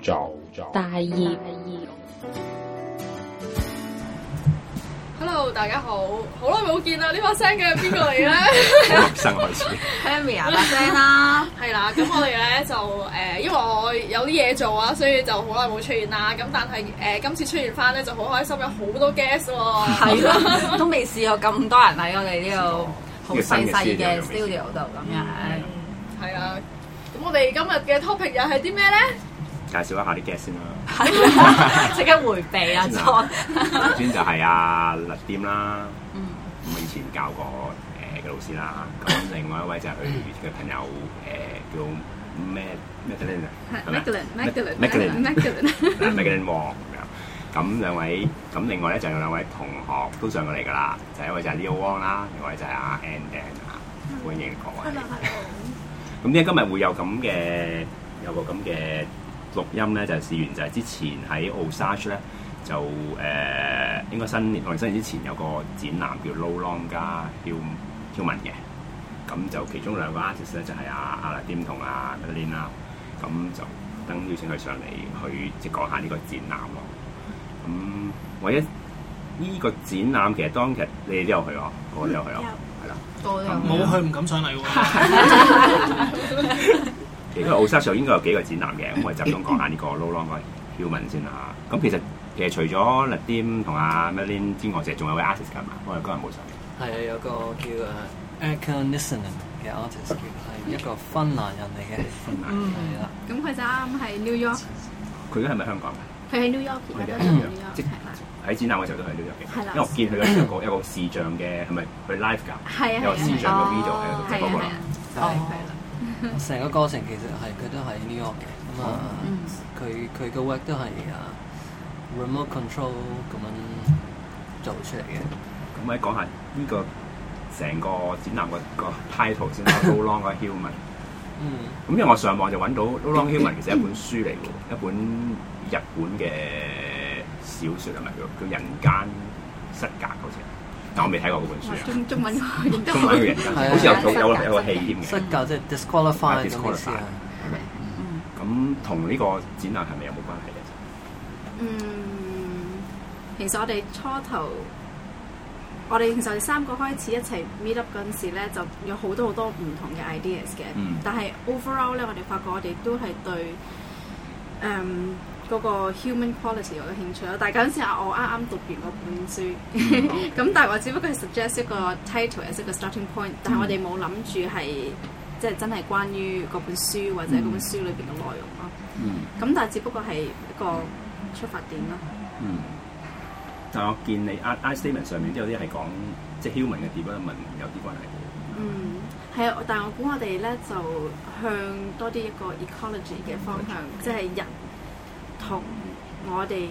做，做。大二，大二。Hello，大家好，好耐冇見啦！呢把聲嘅係邊個嚟嘅咧？新 開始，Amia 把聲啦，係啦。 咁我哋咧就誒、呃，因為我有啲嘢做啊，所以就好耐冇出現啦。咁但係誒、呃，今次出現翻咧就好開心，有好多 guest 喎。係啦， 都未試過咁多人喺我哋、這個、呢度好細嘅 studio 度咁樣。係啦，咁我哋今日嘅 topic 又係啲咩咧？介紹一下啲 guest 先啦，即刻迴避啊！錯，先就係阿律啲啦，嗯，以前教過誒嘅老師啦。咁另外一位就係佢嘅朋友誒，叫咩咩？Magdalen 啊，Magdalen，Magdalen，Magdalen，Magdalen Wong 咁樣。咁兩位，咁另外咧就係兩位同學都上過嚟噶啦。就一位就係 Leo Wong 啦，另一位就係阿 And Then 啊，歡迎各位。咁點解今日會有咁嘅有個咁嘅？錄音咧就係、是、試完就，就係之前喺 Osage 咧就誒應該新年，我哋新年之前有個展覽叫 No Longer 加叫叫 Human 嘅，咁就其中兩個 artist 咧就係、是、阿阿 ina, Nadim 同阿 Magdalen 啊，咁就等邀請佢上嚟去即係、就是、講下呢個展覽喎。咁唯一呢個展覽其實當日你哋都有去咯，我都有去咯，係啦有，冇了去唔那敢上嚟喎、啊。 其實奧沙時候應該有幾個展覽嘅，咁我哋集中講下呢個 No Longer Human 先嚇。咁其實其實除咗 Nadim 同阿 Magdalen Wong 之外，仲有位 artist 㗎嘛，我哋今日冇上。係啊，有個叫啊 Erik Nissinen 嘅 artist，係一個芬蘭人嚟嘅。芬蘭係啦，咁佢就啱啱係 New York。佢而家係咪香港？佢喺 New York 嘅，喺展覽嘅時候都喺 New York 嘅。係啦，因為我見佢咧一個一個視像嘅係咪佢 live 㗎？係啊有個，視像嘅 video 喺度直播嗰個人。哦。成個過程其實係佢都喺 New York 嘅，咁啊佢佢個 work 都係啊 remote control 咁樣做出嚟嘅。咁可以講下呢、這個成個展覽個個 title 先，啦，No Longer Human》。嗯。咁因為我上網就揾到《No Longer Human》其實係一本書嚟嘅，咳咳一本日本嘅小說係咪？叫《叫人間失格》好似。但我未睇過嗰本書啊！中中文我認得，好似有有有個戲添嘅。失格即係 disqualify，係咪？咁同呢個展覽係咪有冇關係嘅？其實我哋初頭，我哋其實三個開始一齊 meet up 嗰陣時咧，就有好多好多唔同嘅 ideas 嘅。但係 overall 咧，我哋發覺我哋都係對，嗯。嗰個 human policy 我有興趣咯，但係嗰陣時我啱啱讀完嗰本書，咁、mm, okay. 但係我只不過係 suggest 一個 title as 一個 starting point，但係我哋冇諗住係即係真係關於嗰本書或者嗰本書裏邊嘅內容咯。咁、mm. 但係只不過係一個出發點咯。Mm. 嗯。但係我見你 I statement 上面都有啲係講即係 human 嘅 development 有啲關係嗯，係啊、mm.，但係我估我哋咧就向多啲一,一個 ecology 嘅方向，mm, okay. 即係人。同我哋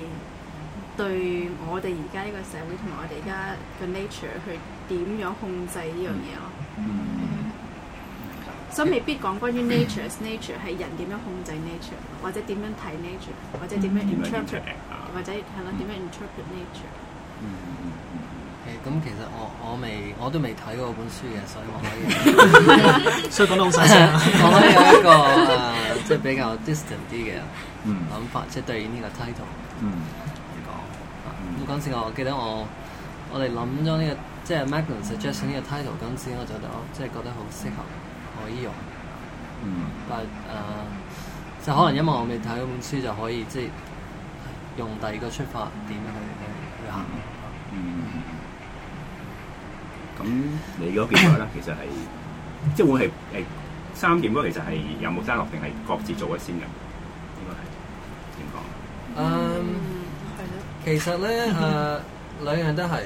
對我哋而家呢個社會同埋我哋而家嘅 nature 去點樣控制呢樣嘢咯。所以未必講關於 nature，nature 係人點樣控制 nature，或者點樣睇 nature，或者點樣 interpret，或者係咯點樣 interpret nature。咁其實我我未我都未睇過本書嘅，所以我可以，所以講得好細聲。我係有一個誒，即係比較 distant 啲嘅諗法，即係對呢個 title 嚟講。咁嗰陣時我記得我我哋諗咗呢個，即係 Magdalen suggestion 呢個 title 嗰陣時，我就覺得我即係覺得好適合可以用。但係誒，就可能因為我未睇嗰本書，就可以即係用第二個出發點去。咁你嗰邊咧？ 其實係即係會係誒三件嗰，其實係有冇單落定係各自做一先嘅？應該係點講？嗯，係咯。其實咧誒、 uh, 兩樣都係，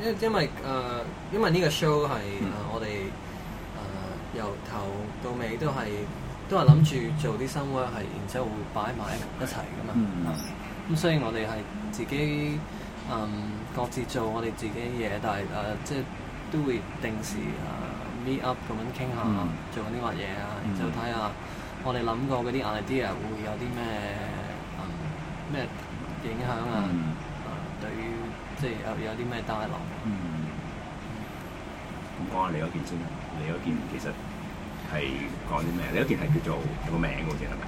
因為因為誒、uh, 因為呢個 show 係誒我哋誒由頭到尾都係都係諗住做啲 some work 係，uh, 嗯 uh, 然之後會擺埋一齊㗎嘛。咁所以我哋係自己嗯、um, 各自做我哋自己嘢，但係誒、uh, 即係。都會定時啊、uh, meet up 咁樣傾下，做緊啲乜嘢啊？嗯、就睇下我哋諗過嗰啲 idea 會有啲咩咩影響啊？嗯、啊，對於即係有有啲咩帶來？咁講、嗯嗯、下你嗰件先。你嗰件其實係講啲咩？你嗰件係叫做有個名嘅，嗰件係咪？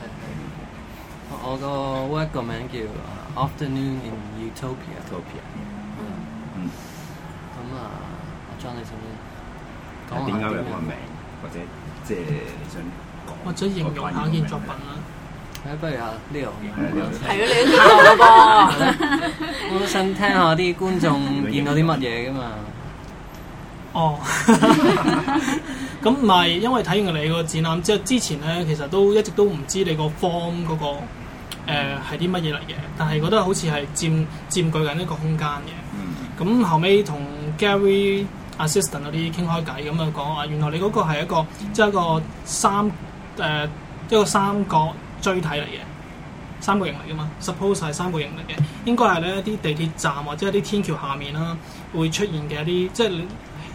係、uh, uh,。我個 work、uh, 嘅名叫 Afternoon in Utopia。Uh huh. 裝喺上面。點解兩個名，或者即係想或者形容下件作品啦。欸、不如啊 Leo，你都講啦。我都想聽下啲觀眾見到啲乜嘢噶嘛。哦。咁唔係，因為睇完你個展覽之後，之前咧其實都一直都唔知你個 form、嗰個 form 嗰個誒係啲乜嘢嚟嘅，但係覺得好似係佔佔據緊一個空間嘅。嗯。咁後尾同 Gary assistant 啲傾開偈咁樣講啊原來你個係一個即係、就是、一個三誒、呃、一個三角錐體嚟嘅三角形嚟噶嘛 suppose 係三角形嚟嘅應該係咧一啲地鐵站或者一啲天橋下面啦、啊、會出現嘅一啲即係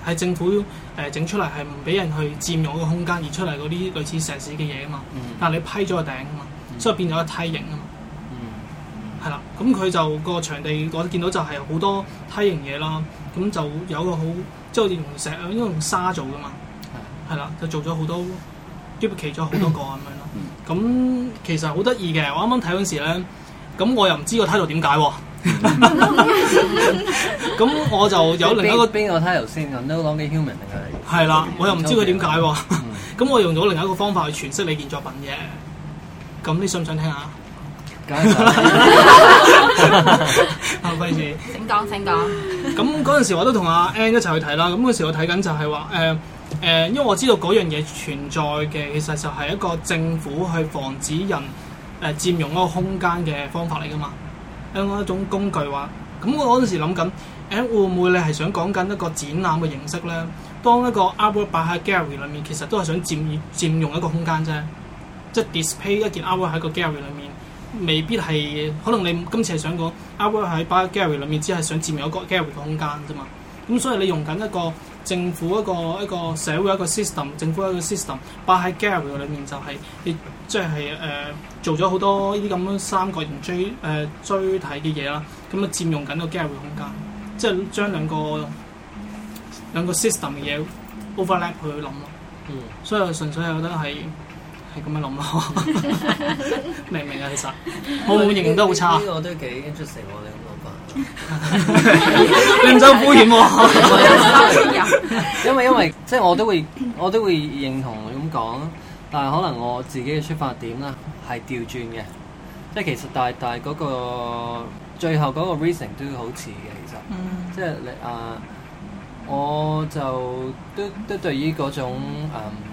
係政府誒、呃、整出嚟係唔俾人去佔用個空間而出嚟啲類似石屎嘅嘢啊嘛、嗯、但係你批咗個頂啊嘛、嗯、所以變咗一個梯形啊嘛係啦咁佢就、個場地我見到就係好多梯形嘢啦咁就有個好即好似用石啊，因為用沙做噶嘛，係啦的，就做咗好多，兼備企咗好多個咁、嗯嗯、樣咯。咁其實好得意嘅，我啱啱睇嗰時咧，咁我又唔知個 title 點解喎。咁 我就有另一個俾 我 title 先，No Longer Human 定係？係啦，我又唔知佢點解喎。咁、嗯、 我用咗另一個方法去詮釋你件作品嘅。咁你信唔信聽，聽下？唔好意思。請講、 喔，請講。咁嗰陣時我都同阿 N 一齊去睇啦，咁嗰時我睇緊就係話誒誒，因為我知道嗰樣嘢存在嘅，其實就係一個政府去防止人誒、呃、佔用一個空間嘅方法嚟噶嘛，係、嗯、一種工具話。咁、嗯、我嗰陣時諗緊，N 會唔會你係想講緊一個展覽嘅形式咧？當一個 artwork 擺喺 gallery 裏面，其實都係想佔佔用一個空間啫，即係 display 一件 artwork 喺個 gallery 裏面。未必係，可能你今次係想講 Albert 喺 gallery 裏面只係想佔有一個 gallery 嘅空間啫嘛。咁所以你用緊一個政府一個一個社會一個 system，政府一個 system 擺喺 gallery 裏面，就係你即係誒做咗好多呢啲咁樣三角形誒椎、呃、體嘅嘢啦，咁啊佔用緊個 gallery 空間，即係將兩個兩個 system 嘅嘢 overlap 去諗咯。嗯，所以純粹係覺得係。係咁樣諗咯， 明明啊，其實我會認同都好差。呢、啊這個都幾 interesting 喎，你咁 你唔好敷衍我 因，因為因為即係我都會我都會認同你咁講，但係可能我自己嘅出發點啦係調轉嘅，即係其實大大但嗰個最後嗰個 reason 都好似嘅，其實，嗯、即係你啊、呃，我就都都，都對於嗰種、嗯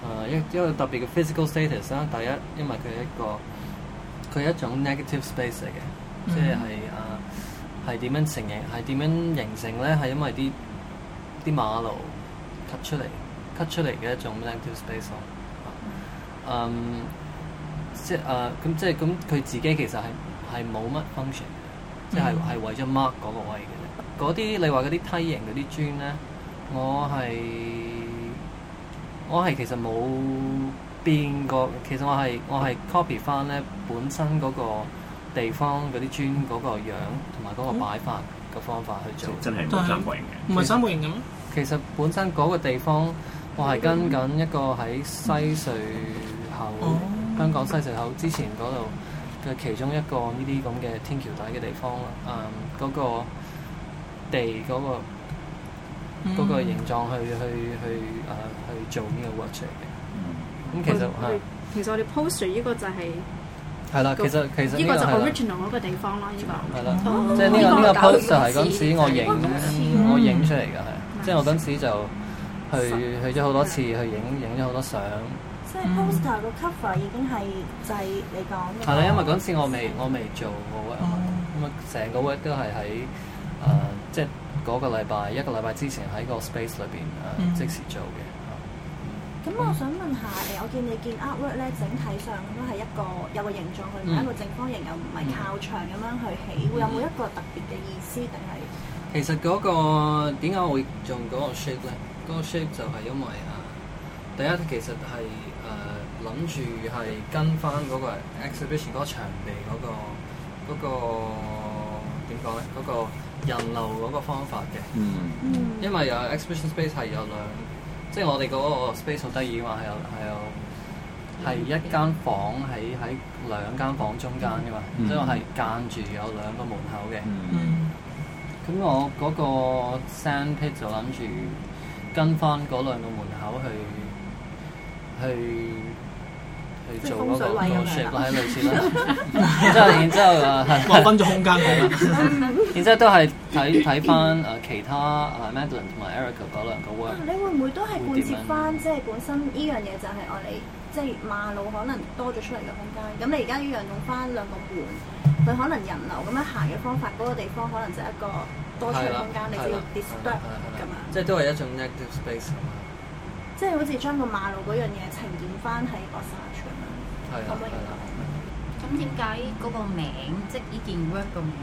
誒一、uh, 一個特別嘅 physical status 啦。第一因為佢係一個佢係一種 negative space 嚟嘅，即係誒係點樣成形、係點樣形成咧？係因為啲啲馬路 cut 出嚟、cut 出嚟嘅一種 negative space 咯。um, uh, uh, 嗯，即係誒咁，即係咁，佢自己其實係係冇乜 function 嘅，即係係為咗 mark 嗰個位嘅啫。嗰啲你話嗰啲梯形嗰啲磚咧，我係。我係其實冇變過，其實我係我係 copy 翻咧本身嗰個地方嗰啲磚嗰個樣同埋嗰個擺法嘅方法去做，真係冇三角形嘅，唔係三角形嘅咩？其實本身嗰個地方我係跟緊一個喺西隧口，嗯、香港西隧口之前嗰度嘅其中一個呢啲咁嘅天橋底嘅地方啦，嗯，嗰、嗰個地嗰、嗰個。嗰個形狀去去去啊去做呢個 work 嚟嘅，咁其實係。其實我哋 post 呢個就係。係啦，其實其實呢個係。original 嗰個地方咯，呢個。係啦。即係呢個呢個 post 就係嗰時我影我影出嚟㗎，係。即係我嗰時就去去咗好多次去影影咗好多相。即係 poster 個 cover 已經係製你講。係啦，因為嗰時我未我未做個 work，咁啊成個 work 都係喺啊即。嗰個禮拜一個禮拜之前喺個 space 裏邊誒即時做嘅。咁、那個、我想問下誒，我見你見 artwork 咧，整體上都係一個有個形狀，去，唔係一個正方形，又唔係靠牆咁樣去起，會有冇一個特別嘅意思定係？其實嗰、呃、個點解會用嗰個 shape 咧？嗰個 shape 就係因為誒，第一其實係誒諗住係跟翻嗰個 exhibition 嗰個場地嗰個嗰個點講咧嗰個。那個人流嗰個方法嘅，mm hmm. 因為有 exhibition space 係有兩，即、就、係、是、我哋嗰個 space 好得意嘅嘛，係有係有係、mm hmm. 一間房喺喺兩間房中間嘅嘛，所以係間住有兩個門口嘅。咁、mm hmm. 嗯、我嗰個 sandpit 就諗住跟翻嗰兩個門口去去。去做嗰個 concept 類似啦。然之後，然之後係分咗空間㗎嘛。然之後都係睇睇翻誒其他誒 Magdalen 同埋 Erica 嗰兩個 work 你會唔會都係貫徹翻？即係本身依樣嘢就係我哋，即係馬路可能多咗出嚟嘅空間。咁你而家要讓用翻兩個半，佢可能人流咁樣行嘅方法，嗰個地方可能就係一個多出嘅空間，你需要 disturb 咁啊。即係都係一種 negative space 啊嘛。即係好似將個馬路嗰樣嘢呈現翻喺個係啊，係啦。咁點解嗰個名，即係呢件 work 嘅名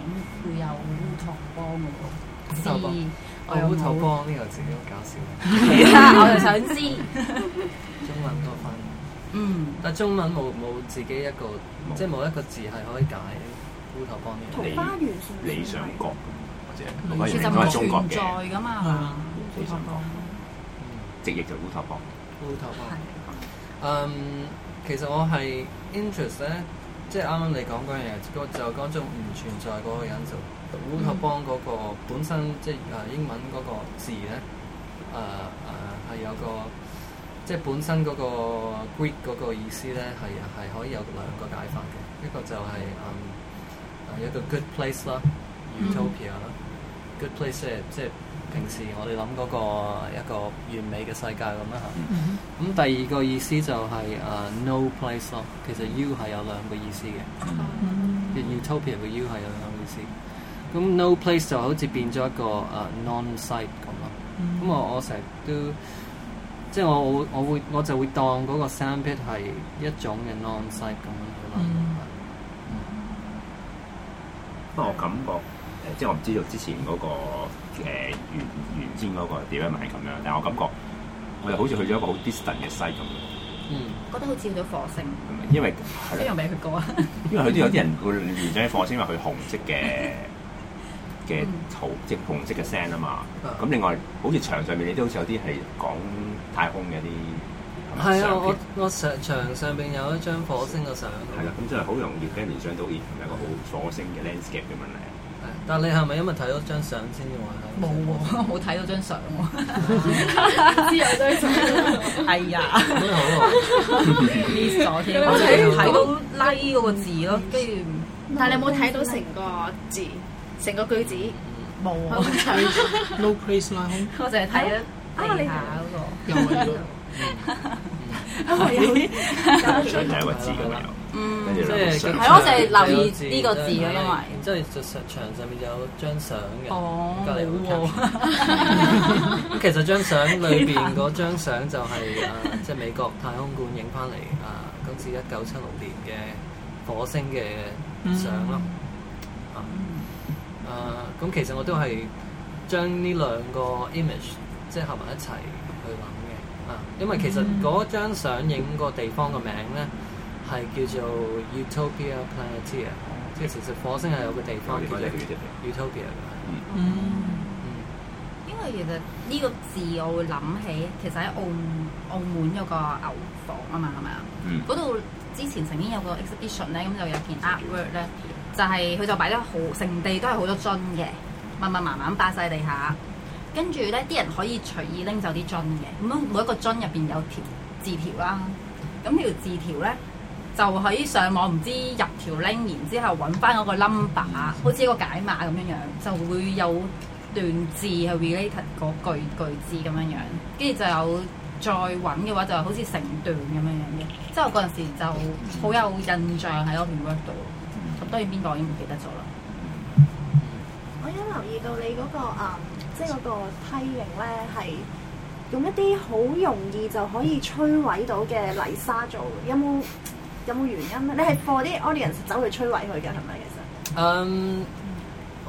會有烏托邦嘅喎？知烏托邦呢個字好搞笑。其他我就想知。中文多翻。嗯。但係中文冇冇自己一個，即係冇一個字係可以解烏托邦嘅。桃花源。理想國或者桃花源都係中國嘅。存在㗎嘛？烏托邦。直譯就烏托邦。烏托邦。嗯。其實我係 interest 咧，即係啱啱你講嗰樣嘢，個就當中唔存在嗰個人就烏托邦嗰個本身，即係啊英文嗰個字咧，啊啊係有個即係本身嗰個 Greek 嗰個意思咧係係可以有兩個解法嘅，一個就係啊有個 good place 啦，utopia 啦、mm hmm.，good place 係即係。平時我哋諗嗰個一個完美嘅世界咁啦嚇，咁、mm hmm. 嗯、第二個意思就係、是、誒、uh, no place 咯。其實 u 係有兩個意思嘅 the utopia 嘅 u 係有兩個意思。咁 no place 就好似變咗一個誒、uh, non site 咁咯。咁我我成日都即係我我，我會我就會當嗰個 sample 係一種嘅 non site 咁咯。不過我感覺。即係我唔知道之前嗰個誒原原漸嗰個點樣咪咁樣，但我感覺我又好似去咗一個好 distant 嘅西咁，嗯，覺得好似去咗火星，係咪？因為都未去過啊， 因為佢都有啲人會聯想到火星，因為佢紅色嘅嘅即係紅色嘅聲啊嘛。咁另外，好似牆上面你都好似有啲係講太空嘅啲，係啊，我我實牆上面有一張火星嘅相，係啦，so，咁真係好容易俾人聯想到而一個好火星嘅 landscape 咁樣咧。但你係咪因為睇到張相先話係？冇喎，冇睇到張相，知有張相係呀。咁又好喎，miss 咗添。有冇睇睇到 like 嗰個字咯？跟住，但係你冇睇到成個字，成個句子。冇啊。No place like home。我淨係睇咗地下嗰個。又有啲想睇個字㗎嘛。嗯，即係係咯，就留意呢個字咯，因為，即係牆牆上面有張相嘅，哦，隔籬。咁其實張相裏邊嗰張相就係啊，即係美國太空館影翻嚟啊，今次一九七六年嘅火星嘅相咯。啊，誒，咁其實我都係將呢兩個 image 即係合埋一齊去諗嘅啊，因為其實嗰張相影個地方嘅名咧。係叫做 Utopia Planitia，er, 即係其實火星係有個地方、啊、叫做 Utopia 嘅。嗯。嗯，因為其實呢個字我會諗起，其實喺澳門澳門有個牛房啊嘛，係咪啊？嗰度、嗯、之前曾經有個 exhibition 咧，咁、嗯、就有片 artwork 咧，就係佢就擺咗好成地都係好多樽嘅，密密麻麻咁擺曬地下。跟住咧，啲人可以隨意拎走啲樽嘅，咁樣每一個樽入邊有條字條啦。咁呢條字條咧。就喺上網唔知入條 link，然之後揾翻嗰個 number，mm hmm. 好似一個解碼咁樣樣，就會有段字係 related 嗰句句字咁樣樣，跟住就有再揾嘅話就好似成段咁樣樣嘅。即係我嗰陣時就好有印象喺我件 work 度，當然邊個已經唔記得咗啦。我有留意到你嗰、嗰個即係嗰梯形咧，係用一啲好容易就可以摧毀到嘅泥沙做，有冇？有冇原因咧？你係 for 啲 audience 走去摧毀佢嘅係咪其實？嗯、um，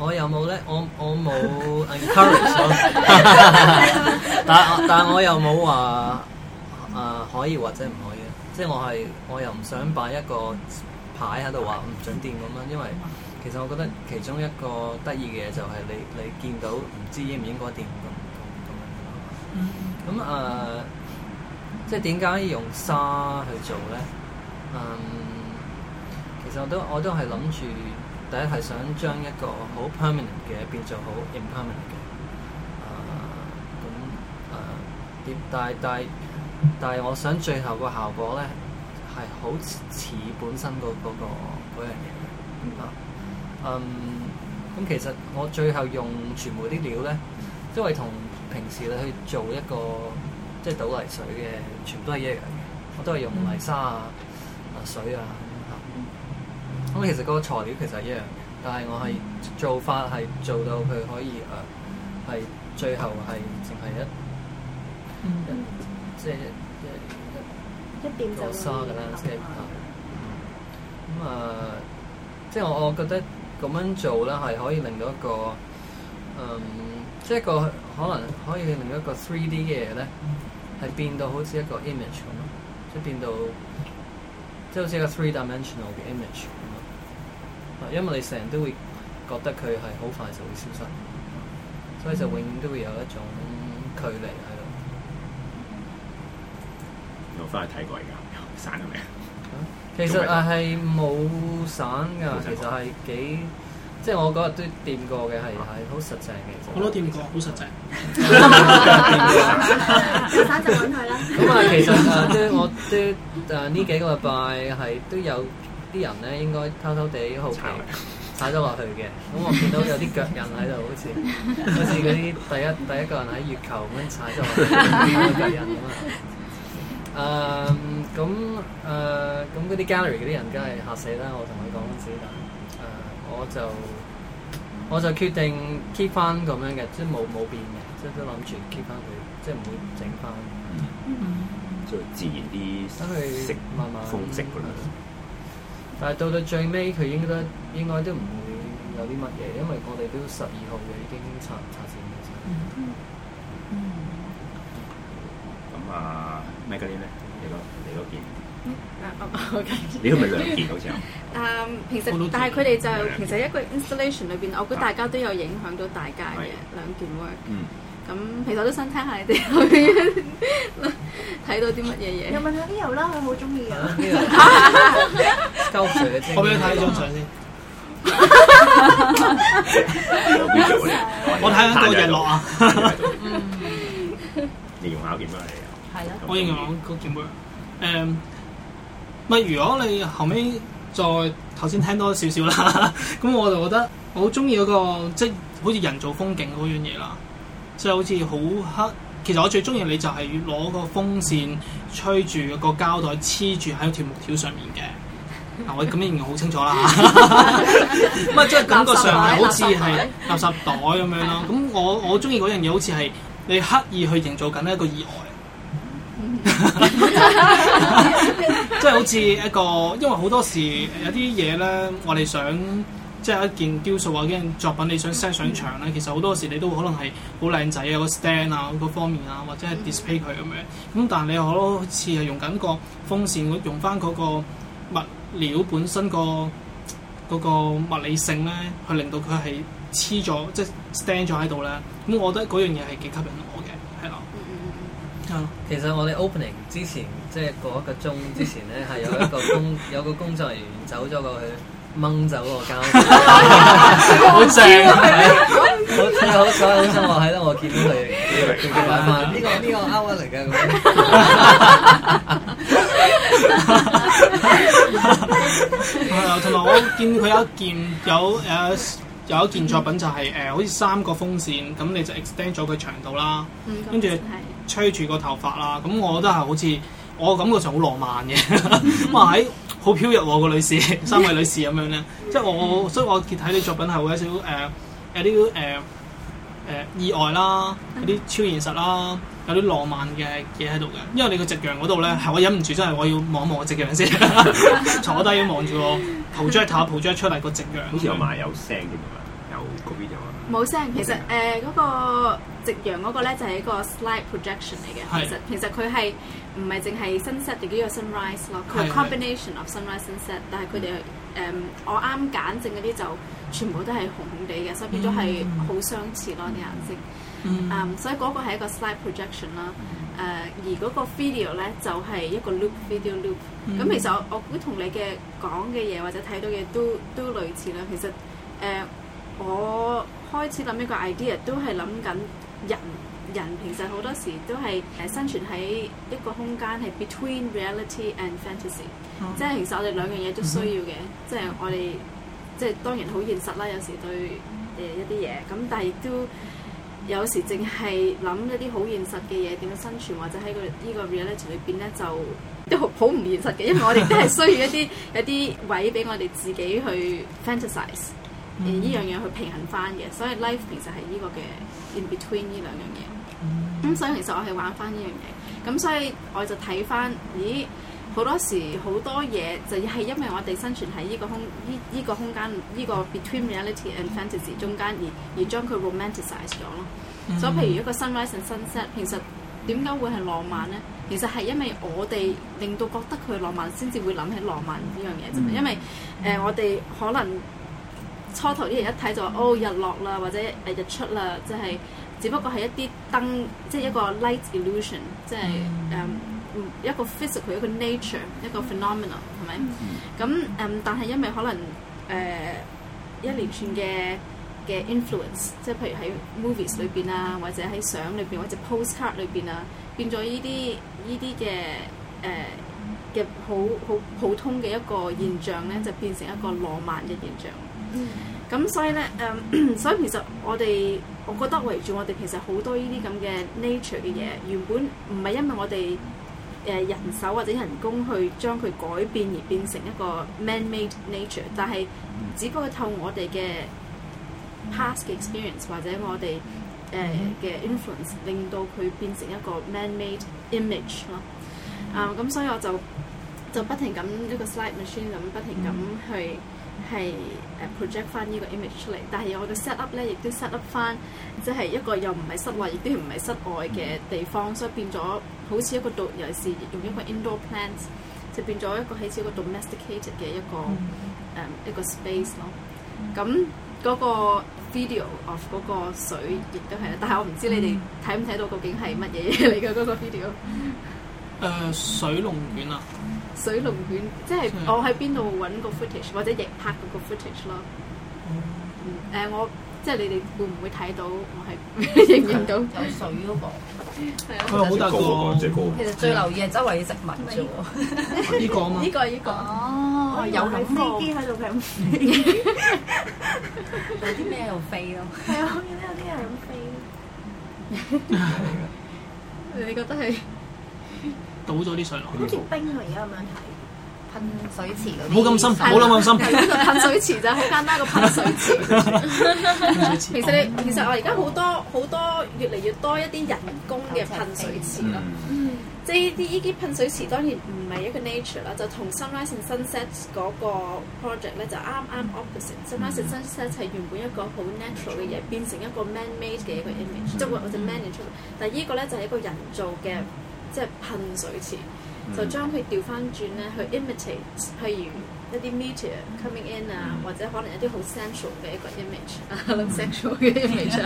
我又冇咧，我 encourage ,我冇 encourage， 但但我又冇話誒可以或者唔可以，即係我係我又唔想擺一個牌喺度話唔準掂咁樣。因為其實我覺得其中一個得意嘅嘢就係你你見到唔知應唔應該掂咁咁咁樣。咁誒、呃，即係點解可以用沙去做咧？嗯，um, 其實我都我都係諗住第一係想將一個好 permanent 嘅變做好 impermanent 嘅，啊咁啊，跌、uh, 但但但係我想最後個效果咧係好似本身嗰、那、嗰個嗰、那個、樣嘢嘅。嗯啊，嗯，咁其實我最後用全部啲料咧，都係同平時你去做一個即係、就是、倒泥水嘅，全部都係一樣嘅，我都係用泥沙啊。嗯啊水啊，嚇、嗯！咁、嗯、其實個材料其實一樣，但係我係做法係做到佢可以誒，係、uh, 最後係淨係一，即係、嗯、一、即係即係、一點就是、沙嘅啦，即係嚇。咁啊、嗯，即係我我覺得咁樣做咧，係可以令到一個，即、嗯、係、即係、一個可能可以令到一個 three D 嘅嘢咧，係變到好似一個 image 咁咯，即、就、係、是、變到。嗯。即係好似一個 three dimensional 嘅 image 咁啊，因為你成日都會覺得佢係好快就會消失，所以就永遠都會有一種距離喺度、嗯。我翻去睇過而家，散咗未？其實啊係冇散㗎，其實係幾。即係我嗰日都掂過嘅，係係好實淨嘅。就是、我都掂過，好實淨。咁啊，其實即係、啊、我即係呢幾個禮拜係都有啲人咧，應該偷偷地好奇去踩咗落去嘅。咁我見到有啲腳印喺度，好似好似嗰啲第一第一個人喺月球咁樣踩咗落去啲腳印咁啊。嗯，咁誒咁、呃、嗰啲 gallery 嗰啲人梗係嚇死啦！我同佢講咗啲，但係、呃、我就。我就決定 keep 翻咁樣嘅，即係冇冇變嘅，即係都諗住 keep 翻佢，即係唔會整翻，就自然啲，等佢慢慢風色㗎啦。但係到到最尾，佢應該應該都唔會有啲乜嘢，因為我哋都十二號嘅已經拆拆線。嗯嗯。咁、嗯、啊，Magdalen 呢？你個你嗰件？ 你係咪兩件好似啊？ 誒，其實但係佢哋就平時一個 installation 裏邊，我估大家都有影響到大家嘅兩件 work。咁其實我都想聽下你哋去睇到啲乜嘢嘢。你問下啲遊啦，我好中意嘅。夠誰？我俾你睇張相先。我睇緊個日落啊！你用哪件嚟啊？係咯。我用我嗰件 work。誒，咪如果你後尾。再頭先聽多少少啦，咁我就覺得我、那個、好中意嗰個即係好似人造風景嗰樣嘢啦，即係好似好黑。其實我最中意你就係要攞個風扇吹住個膠袋，黐住喺條木條上面嘅。嗱、啊，我咁樣形容好清楚啦嚇？唔係 即係感覺上係 好似係垃圾袋咁樣咯。咁我我中意嗰樣嘢好似係你刻意去營造緊一個意外。 即係好似一個，因為好多時有啲嘢咧，我哋想即係一件雕塑啊，一件作品，你想 set 上牆咧，其實好多時你都可能係好靚仔啊，個 stand 啊，嗰方面啊，或者係 display 佢咁樣。咁但係你好似係用緊個風扇，用翻個物料本身個個物理性咧，去令到佢係黐咗，即係 stand 咗喺度咧。咁我覺得樣嘢係幾吸引我嘅。其實我哋 opening 之前，即係過一個鐘之前咧，係有一個工有個工作人員走咗過去，掹走個膠。好正，好彩，好彩，我喺啦， 我見到佢，佢佢佢，呢個呢個歐歐嚟㗎。同埋我見佢有一件有誒有，有一件作品，就係，就係誒好似三個風扇，咁你就 extend 咗佢長度啦，跟住。共吹住個頭髮啦，咁我覺得係好似我感覺上好浪漫嘅，哇喺好飄逸喎，啊那個女士，三位女士咁樣咧，即係我所以我睇你作品係會有少少誒、呃、有啲誒誒意外啦，有啲超現實啦，有啲浪漫嘅嘢喺度嘅，因為你個夕陽嗰度咧，係我忍唔住真係我要望望個夕陽先， 坐低要望住我 project project 出嚟個夕陽樣。好似有埋有聲嘅嘛，有嗰邊有冇聲？其實誒嗰、呃那個。夕陽嗰個咧就係一個 slide projection 嚟嘅，其實其實佢係唔係淨係 sunset，亦都有 sunrise 咯。佢 combination of sunrise and sunset，但係佢哋誒我啱揀正嗰啲就全部都係紅紅地嘅，所以變咗係好相似咯啲顏色。嗯，所以嗰個係一個 slide projection 啦。誒，而嗰個 video 咧就係一個 loop video loop。咁其實我我估同你嘅講嘅嘢或者睇到嘅都都類似啦。其實誒，我開始諗一個 idea 都係諗緊。人人其實好多時都係誒、呃、生存喺一個空間係 between reality and fantasy，mm hmm. 即係其實我哋兩樣嘢都需要嘅，mm hmm. 即係我哋即係當然好現實啦，有時對誒一啲嘢咁，但係亦都有時淨係諗一啲好現實嘅嘢點樣生存，或者喺個依個 reality 裏面咧就都好唔現實嘅，因為我哋都係需要一啲有啲位俾我哋自己去 fantasize，呢、呃、樣嘢去平衡翻嘅，mm hmm. 所以 life 其實係呢個嘅。In between 呢兩樣嘢，咁、mm. 嗯、所以其實我係玩翻呢樣嘢，咁所以我就睇翻，咦好多時好多嘢就係因為我哋生存喺呢個空呢呢、這個空間呢、這個 between reality and fantasy 中間而而將佢 romanticize 咗咯。Mm hmm. 所以譬如一個 sunrise and sunset，其實點解會係浪漫呢？其實係因為我哋令到覺得佢浪漫，先至會諗起浪漫呢樣嘢啫。Mm hmm. 因為誒、呃 mm hmm. 我哋可能。初頭啲人一睇就話，哦，日落啦，或者誒日出啦，即係只不過係一啲燈，即係一個 light illusion，即係誒嗯，嗯一個 physical 一個 nature、嗯、一個 phenomenon、嗯、係咪？咁誒吧、嗯，但係因為可能誒、呃、一連串嘅嘅 influence，即係譬如喺 movies 裏邊啊，或者喺相裏邊或者 postcard 裏邊啊，變咗呢啲呢啲嘅誒嘅好好普通嘅一個現象咧，就變成一個浪漫嘅現象。咁、嗯、所以咧，誒、嗯，所以其實我哋，我覺得圍住我哋其實好多呢啲咁嘅 nature 嘅嘢，原本唔係因為我哋誒、呃、人手或者人工去將佢改變而變成一個 man-made nature，但係只不過透過我哋嘅 past experience 或者我哋誒嘅、呃、influence 令到佢變成一個 man-made image 咯。啊、嗯，咁所以我就就不停咁呢個 slide machine 咁不停咁去。嗯係誒 project 翻呢個 image 出嚟，但係我嘅 set up 咧亦都 set up 翻，即係一個又唔係室內，亦都唔係室外嘅地方，所以變咗好似一個度，尤其是用一個 indoor plants，就變咗一個好似一個 domesticated 嘅一個誒一個 space 咯。咁嗰個 video of 嗰個水亦都係啦，但係我唔知你哋睇唔睇到究竟係乜嘢嘢嚟嘅嗰個 video。誒水龍捲啊！水龍捲，即係我喺邊度揾個 footage，或者亦拍嗰個 footage 咯。誒，我即係你哋會唔會睇到係 recognise 到有水嗰個？係啊。佢好大個，即係個。其實最留意係周圍嘅植物啫喎。呢個啊，呢個啊，呢個啊，哦，有飛機喺度咁飛，有啲咩喺度飛咯？係啊，我見到有啲人咁飛。你覺得係？倒咗啲水落去，好似冰嚟嘅咁樣睇，噴水池嗰啲。冇咁深，冇諗咁深。噴水池就係好簡單個噴水池。其實你，其實我而家好多好多越嚟越多一啲人工嘅噴水池咯。即呢啲依啲噴水池當然唔係一個 nature 啦，就同 Sunrise and Sunset 嗰個 project 咧就啱啱 opposite。Sunrise and Sunset 係原本一個好 natural 嘅嘢，變成一個 man-made 嘅一個 image，即係我我就 manage 嚟。但係依個咧就係一個人造嘅。即係噴水池，就將佢調翻轉咧，去 imitate 譬如一啲 meteor coming in 啊，或者可能一啲好 sexual 嘅一個 image 啊，sexual 嘅 image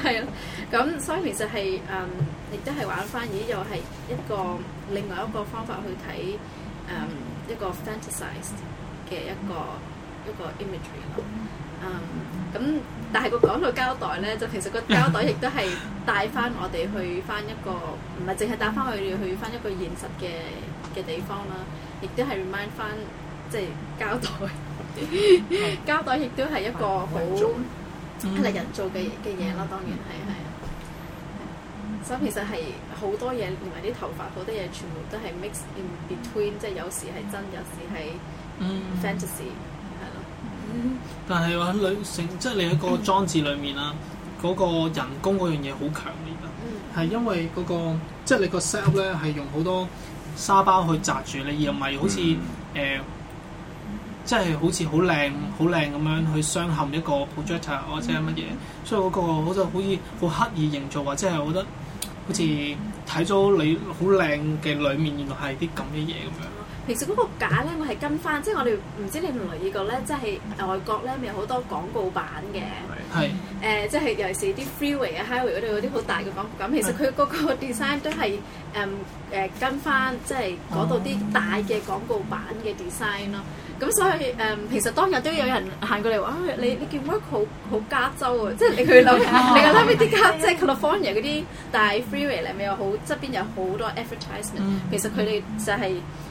係咯，咁所以其實係誒亦都係玩翻而又係一個另外一個方法去睇誒一個 fantasised 嘅一個一個 imagery 咯，嗯，咁。但係個講到膠袋咧，就其實個膠袋亦都係帶翻我哋去翻一個，唔係淨係帶翻佢去翻一個現實嘅嘅地方啦，亦都係 remind 翻，即係膠袋。膠袋亦都係一個好係人造嘅嘅嘢咯，當然係係。所以其實係好多嘢，連埋啲頭髮，好多嘢全部都係 mix in between，即係有時係真，有時係 fantasy。但係話女性，即係你喺個裝置裏面啊，嗯、個人工樣嘢好強烈啊！係、嗯、因為、嗰個，即、就、係、是、你個 set up 咧係用好多沙包去紮住你，而唔係好似誒即係好似好靚好靚咁樣去鑲嵌一個 projector 或者係乜嘢，嗯、所以個好我好似好刻意營造，或者係我覺得好似睇咗你好靚嘅裏面，原來係啲咁嘅嘢咁樣。其實嗰個架咧，我係跟翻，即係我哋唔知你唔留意過咧，即係外國咧，咪有好多廣告版嘅，係誒，即係尤其是啲 freeway 啊 highway 嗰度嗰啲好大嘅廣告咁。其實佢嗰個 design 都係誒誒跟翻，即係嗰度啲大嘅廣告版嘅 design 咯。咁所以誒，平時當日都有人行過嚟話啊，你你件 work 好好加州啊？即係你去諗，你諗邊啲即係 California 嗰啲大 freeway 咧，咪有好，側邊有好多 advertisement。其實佢哋就係。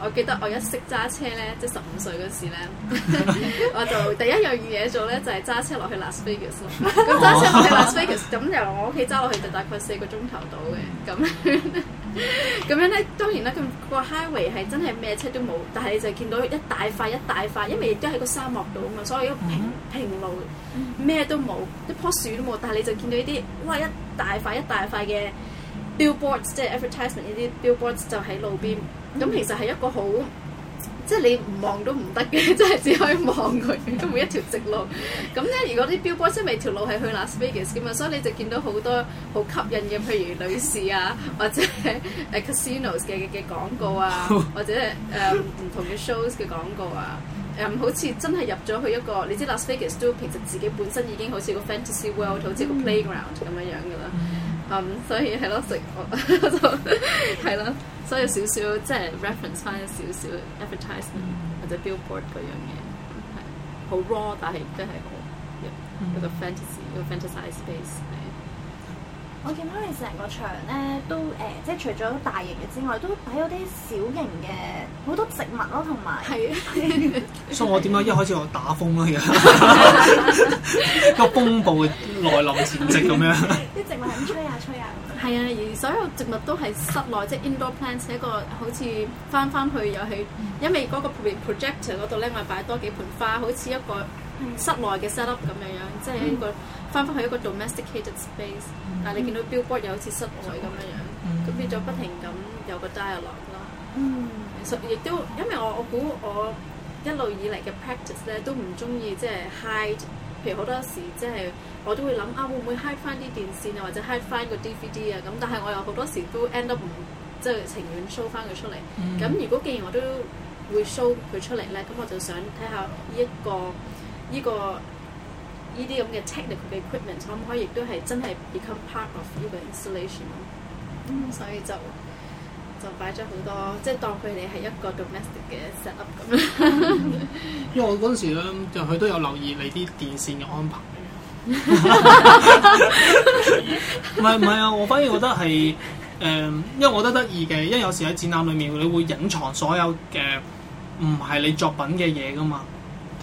我記得我一識揸車咧，即係十五歲嗰時咧， 我就第一樣嘢做咧就係、是、揸車落去 Las Vegas。咁揸車落去 Las Vegas，咁由我屋企揸落去就大概四個鐘頭到嘅。咁咁樣咧，當然啦，咧、那，個 highway 係真係咩車都冇，但係就見到一大塊一大塊，因為亦都喺個沙漠度啊嘛，所以一個平平路，咩都冇，一樖樹都冇，但係你就見到呢啲哇一大塊一大塊嘅 billboards 即係 advertisement 呢啲 billboards 就喺路邊。咁其實係一個好，即係你唔望都唔得嘅，即係只可以望佢。咁每一條直路，咁咧如果啲 billboard，即係每條路係去 Las Vegas 嘅嘛，所以你就見到好多好吸引嘅，譬如女士啊，或者誒、啊、casinos 嘅嘅廣告啊， 或者誒唔、嗯、同嘅 shows 嘅廣告啊，誒、嗯、好似真係入咗去一個，你知 Las Vegas 都其實自己本身已經好似個 fantasy world，嗯、好似個 playground 咁樣咁樣㗎啦、嗯。所以係咯，食。個咯。所以有少少即係、就是、reference 翻少少 advertisement、嗯、或者 billboard 嗰樣嘢，係好 raw 但係真係好一個 fantasy 一個 fantasy space。我見到你成個場咧都誒、呃，即係除咗大型嘅之外，都擺咗啲小型嘅好多植物咯，同埋。啊、 所以，我點解一開始我打風啦、啊？而家個風暴來臨前夕咁樣。啲 植物係咁吹啊吹啊！係啊，而所有植物都係室內，即係 indoor plants 一個好似翻翻去又係，mm. 因為嗰個 projector 嗰度咧，我係擺多幾盆花，好似一個室內嘅 set up 咁樣樣，mm. 即係一個翻翻去一個 domesticated space，mm. 但係你見到 billboard 又好似室外咁樣樣，咁、mm. 變咗不停咁有個 dialog 啦。嗯、mm.，其實亦都因為我我估我一路以嚟嘅 practice 咧，都唔中意即係 hide。譬如好多時即係我都會諗啊，會唔會 hide 翻啲電線啊，或者 hide 翻個 DVD 啊咁，但係我又好多時都 end up 唔即係情願 show 翻佢出嚟。咁、嗯、如果既然我都會 show 佢出嚟咧，咁我就想睇下呢一個呢個呢啲咁嘅 technical equipment 可唔可以亦都係真係 become part of 呢個 installation。嗯，所以就。就擺咗好多，即係當佢哋係一個 domestic 嘅 set up 咁。因為我嗰陣時咧，就佢都有留意你啲電線嘅安排。唔係唔係啊！我反而覺得係誒、呃，因為我覺得得意嘅，因為有時喺展覽裡面，你會隱藏所有嘅唔係你作品嘅嘢噶嘛，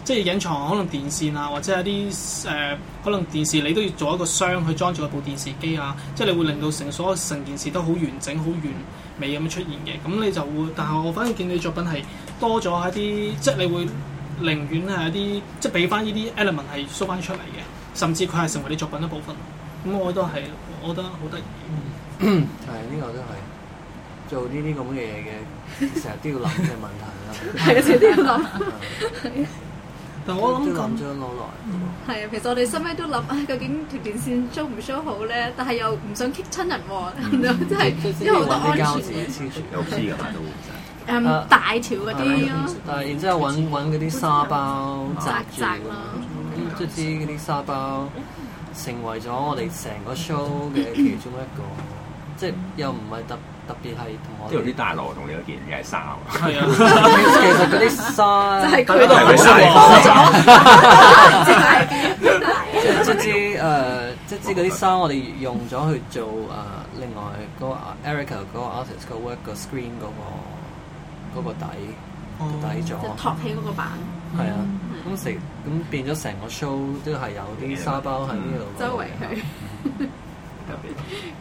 即係隱藏可能電線啊，或者一啲誒、呃、可能電視，你都要做一個箱去裝住一部電視機啊，即係你會令到成所成件事都好完整，好完。未咁樣出現嘅，咁、嗯、你就會，但係我反而見你作品係多咗一啲，即、就、係、是、你會寧願係一啲，即係俾翻呢啲 element 係 show 翻出嚟嘅，甚至佢係成為你作品一部分。咁、嗯、我都係，我覺得好得意。係，呢、嗯、 個都係做呢啲咁嘅嘢嘅，成日都要諗嘅問題啦。係啊，成日都要諗。但我諗緊張攞耐，係啊！其實我哋心咧都諗啊，究竟條電線 show 唔 show 好咧？但係又唔想 kick 親人喎，真係因為好多安全嘅事，有知㗎都，誒大條嗰啲，但係然之後揾揾嗰啲沙包擲住咯，即係啲沙包成為咗我哋成個 show 嘅其中一個，即係又唔係特。特別係同我即啲大羅同你嗰件嘢係衫，其實嗰啲衫即係佢度嘅衫嚟講，即係即係嗰啲誒，即係嗰啲衫我哋用咗去做誒、呃，另外嗰、嗰個 Erica 嗰個 artist 嗰、嗰個 work 嗰 screen 嗰個嗰個底、oh, 底咗座，托起嗰個板，係 啊，咁成咁變咗成個 show 都係有啲沙包喺度，嗯、周圍係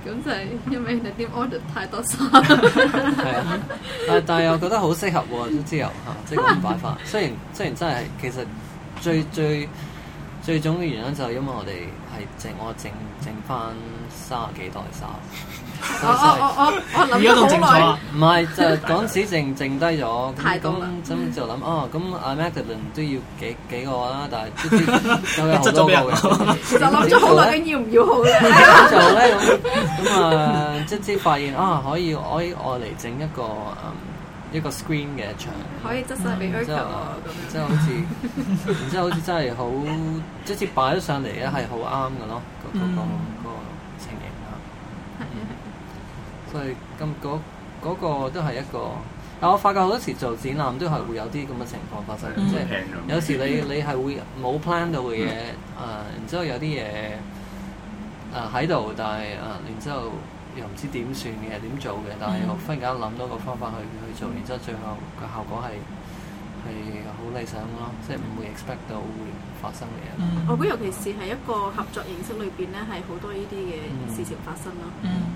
咁就係因為你啲 order 太多衫。係啊、 嗯，但係我覺得好適合喎，都自由嚇，即係冇辦法。雖然雖然真係其實最最最終嘅原因就係因為我哋係剩我剩剩翻三十幾袋衫。哦哦我諗咗好耐，唔係就講死剩剩低咗咁，咁之後諗哦，咁阿 Magdalen 都要幾幾個啦，但係執咗咩嘅？其實諗咗好耐，要唔要好咧？之後咧咁啊，即即發現啊，可以可以我嚟整一個一個 screen 嘅場，可以側身俾需求啊，咁樣，好似，然之後好似真係好，即即擺咗上嚟咧係好啱㗎咯，嗰係咁，嗰、嗰個都係一個。但我發覺好多時做展覽都係會有啲咁嘅情況發生，即係有時你你係會冇 plan 到嘅嘢，誒、mm hmm. 呃、然之後有啲嘢誒喺度，但係誒然之後又唔知點算嘅點做嘅，但係我忽然間諗到個方法去、mm hmm. 去做，然之後最後個效果係係好理想咯，即係唔會 expect 到會。發生嘅 我估尤其是係一個合作形式裏邊咧，係好多呢啲嘅事情發生咯。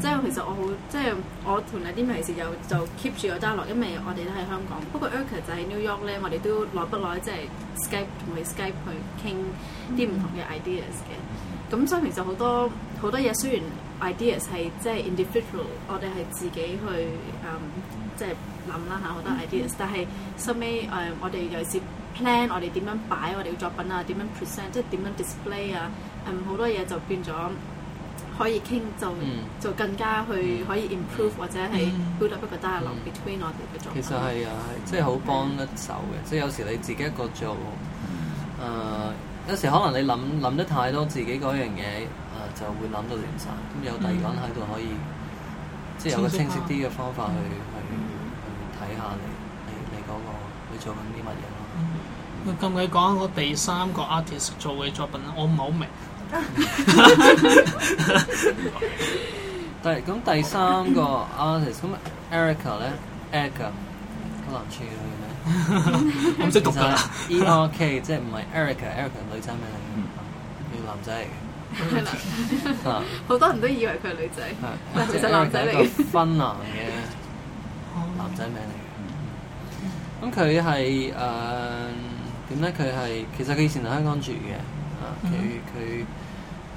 即係、 嗯、其實我好，即、就、係、是、我團隊啲同事又就 keep 住我 download 因為我哋都喺香港。不過 Eric 就喺 New York 咧，我哋都耐不耐即係 Skype 同佢 Skype 去傾啲唔同嘅 ideas 嘅。咁所以其實好多好多嘢，雖然 ideas 係即係、就是、individual，我哋係自己去嗯即係諗啦嚇好多 ideas，、嗯嗯嗯、但係收尾誒我哋有時。plan 我哋點樣擺我哋嘅作品啊，點樣 present 即係點樣 display 啊、嗯，嗯好多嘢就變咗可以傾，就、嗯、就更加去可以 improve、嗯、或者係 build up 一個 dialogue between、嗯、我哋嘅作品。其實係啊，係即係好幫得手嘅，嗯、即係有時你自己一個做，誒、嗯呃，有時可能你諗諗得太多自己樣嘢，誒、呃，就會諗到亂晒，咁有第二個人喺度可以，嗯、即係有個清晰啲嘅方法去、嗯嗯、去去睇下你你你嗰、嗰個你做緊啲乜嘢。咁佢講下我第三個 artist 做嘅作品啦，我唔係好明。但係咁第三個 artist，咁 Erica 咧，Erica 好難聽嘅咩？我唔識讀㗎。E R K 即係唔係 Erica，Erica 女仔咩？嗯，係男仔嚟嘅。係男。好多人都以為佢係女仔，其實男仔嚟嘅。芬男嘅男仔名嚟。嘅。咁佢係誒。點咧？佢係其實佢以前喺香港住嘅，啊佢佢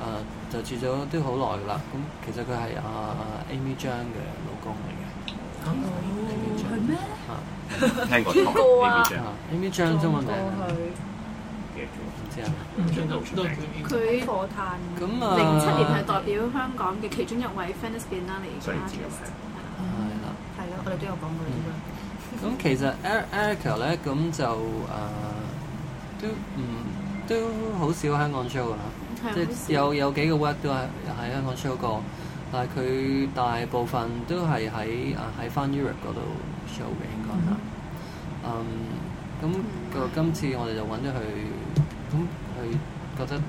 啊就住咗都好耐啦。咁其實佢係阿 Amy Zhang 嘅老公嚟嘅，咁係咩？啊聽過啲咩？聽過啊？Amy Zhang 中文名？佢嘅唔知啊，轉頭轉到佢。佢破壘咁啊！零七年係代表香港嘅其中一位 f a m 啦，我哋都有講過咁其實 e 咧咁就啊～都唔、嗯、都好少香港 show 噶啦，即係、嗯、有有，有幾個 work 都係喺香港 show 過，但係佢大部分都係喺啊喺翻 Europe 度 show 嘅應該嚇。咁今次我哋就揾咗佢，咁佢覺得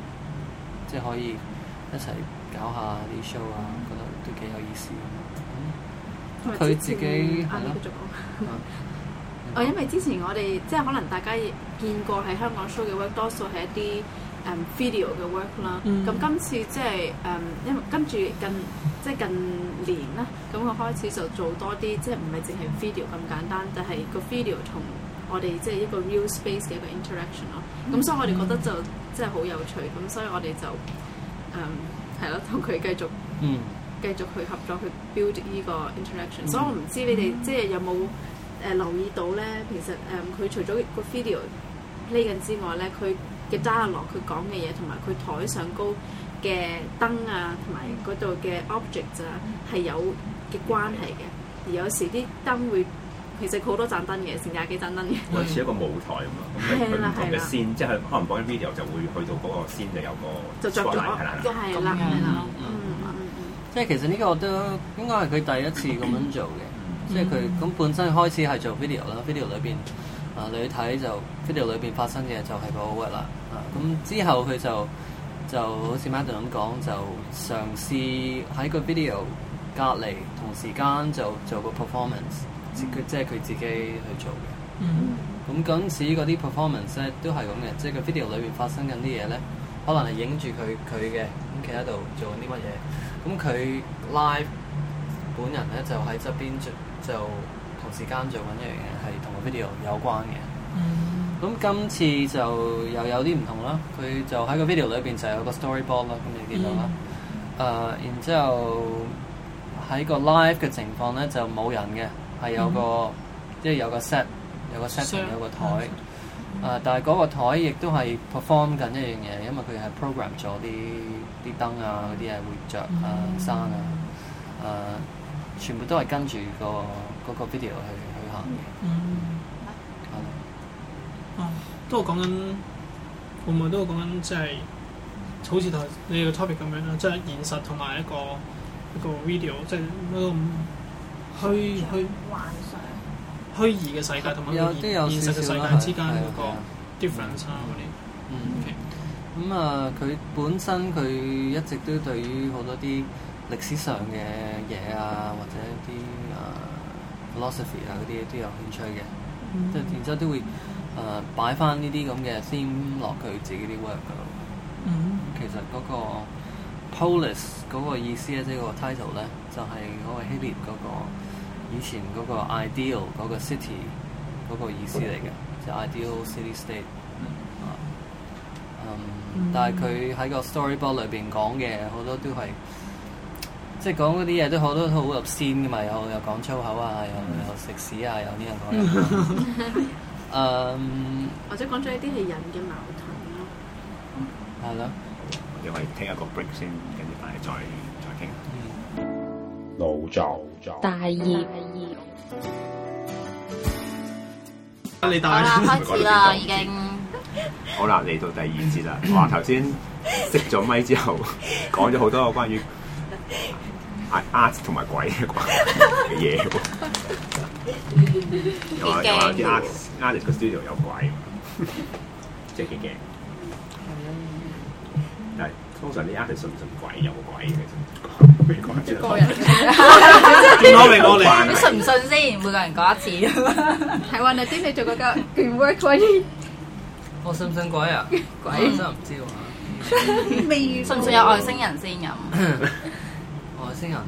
即係可以一齊搞下啲 show 啊，嗯、覺得都幾有意思。佢、嗯、而且自己係咯。哦，因為之前我哋即係可能大家見過喺香港 show 嘅 work 多數係一啲誒、um, video 嘅 work 啦。咁、嗯、今次即係誒，um, 因為跟住近即係近年啦，咁我開始就做多啲，即係唔係淨係 video 咁簡單，就係個 video 同我哋即係一個 real space 嘅一個 interaction 咯、嗯。咁所以我哋覺得就即係好有趣。咁所以我哋就誒係咯，同、um, 佢繼續、嗯、繼續去合作去 build 呢個 interaction、嗯。所以我唔知你哋、嗯、即係有冇？誒留意到咧，其實誒佢除咗個 video 呢樣之外咧，佢嘅 dialogue 佢講嘅嘢同埋佢台上高嘅燈啊，同埋嗰度嘅 object 啊，係有嘅關係嘅。而有時啲燈會，其實好多盞燈嘅，成廿幾盞燈嘅。類似一個舞台咁咯，咁佢唔同嘅線，即係可能播緊 video 就會去到嗰個線就有個就著咗，係啦，係啦，嗯嗯嗯。即係其實呢個都應該係佢第一次咁樣做嘅。即係佢咁本身開始係做 video 啦，video 裏邊啊你睇就 video 裏邊發生嘅就係個 work 啦，啊咁、嗯、之後佢就就好似 Magdalen 咁講，就嘗試喺個 video 隔離同時間就做，做個 performance，佢、嗯、即係佢自己去做嘅。咁嗰陣時啲 performance 咧都係咁嘅，即係個 video 裏邊發生緊啲嘢咧，可能係影住佢佢嘅咁企喺度做緊啲乜嘢，咁佢 live 本人咧就喺側邊做。就同時間做緊一樣嘢，係同個 video 有關嘅。咁今次就又有啲唔同啦。佢就喺個 video 裏邊就有個 storyboard 啦，咁你見到啦。誒，然之後喺個 live 嘅情況咧就冇人嘅，係有個即係有個 set，有個 set 有個台。啊！但係嗰個台亦都係 perform 緊一樣嘢，因為佢係 program 咗啲啲燈啊啲嘢會着啊生啊啊。全部都係跟住個嗰個 video 去去行。嗯。係咯。哦，都係講緊，會唔會都係講緊，即係好似你個 topic 咁樣啦，即係現實同埋一個一個 video，即係一個虛虛擬嘅世界同埋有個現實嘅世界之間嗰個 difference 差啲。嗯。咁、嗯 Okay. 嗯、啊，佢本身佢一直都對於好多啲歷史上嘅嘢啊，或者啲啊、uh, philosophy 啊嗰啲都有興趣嘅，即係、mm hmm. 然之後都會誒擺翻呢啲咁嘅 theme 落佢自己啲 work 度？Mm hmm. 其實嗰個 polis 嗰個意思咧，即係個 title 咧，就係、是、嗰個，就是、個希臘嗰個以前嗰個 ideal 嗰個 city 嗰個意思嚟嘅，就是、ideal city state。Mm hmm. 嗯，但係佢喺個 storybook 裏裏邊講嘅好多都係。即係講嗰啲嘢都好多好入先㗎嘛，又又講粗口啊，又又食屎啊，有啲人講。嗯，或者講咗啲係人嘅矛盾咯。係咯，我哋可以聽一個 break 先，跟住翻嚟再再傾。老就老作。第二第二。你大。開始啦，已經。好啦，嚟到第二節啦。哇，頭先熄咗咪之後，講咗好多個關於係 art 同埋鬼嘅嘢，有有啲 art artist 嘅 studio 有鬼，即係幾驚。但係通常啲 artist 信唔信鬼有鬼嘅，未講。一個人。你信唔信先？每個人講一次。係喎，那啲你做個 good work 先。我信唔信鬼啊？鬼真係唔知喎。未信唔信有外星人先咁。外星人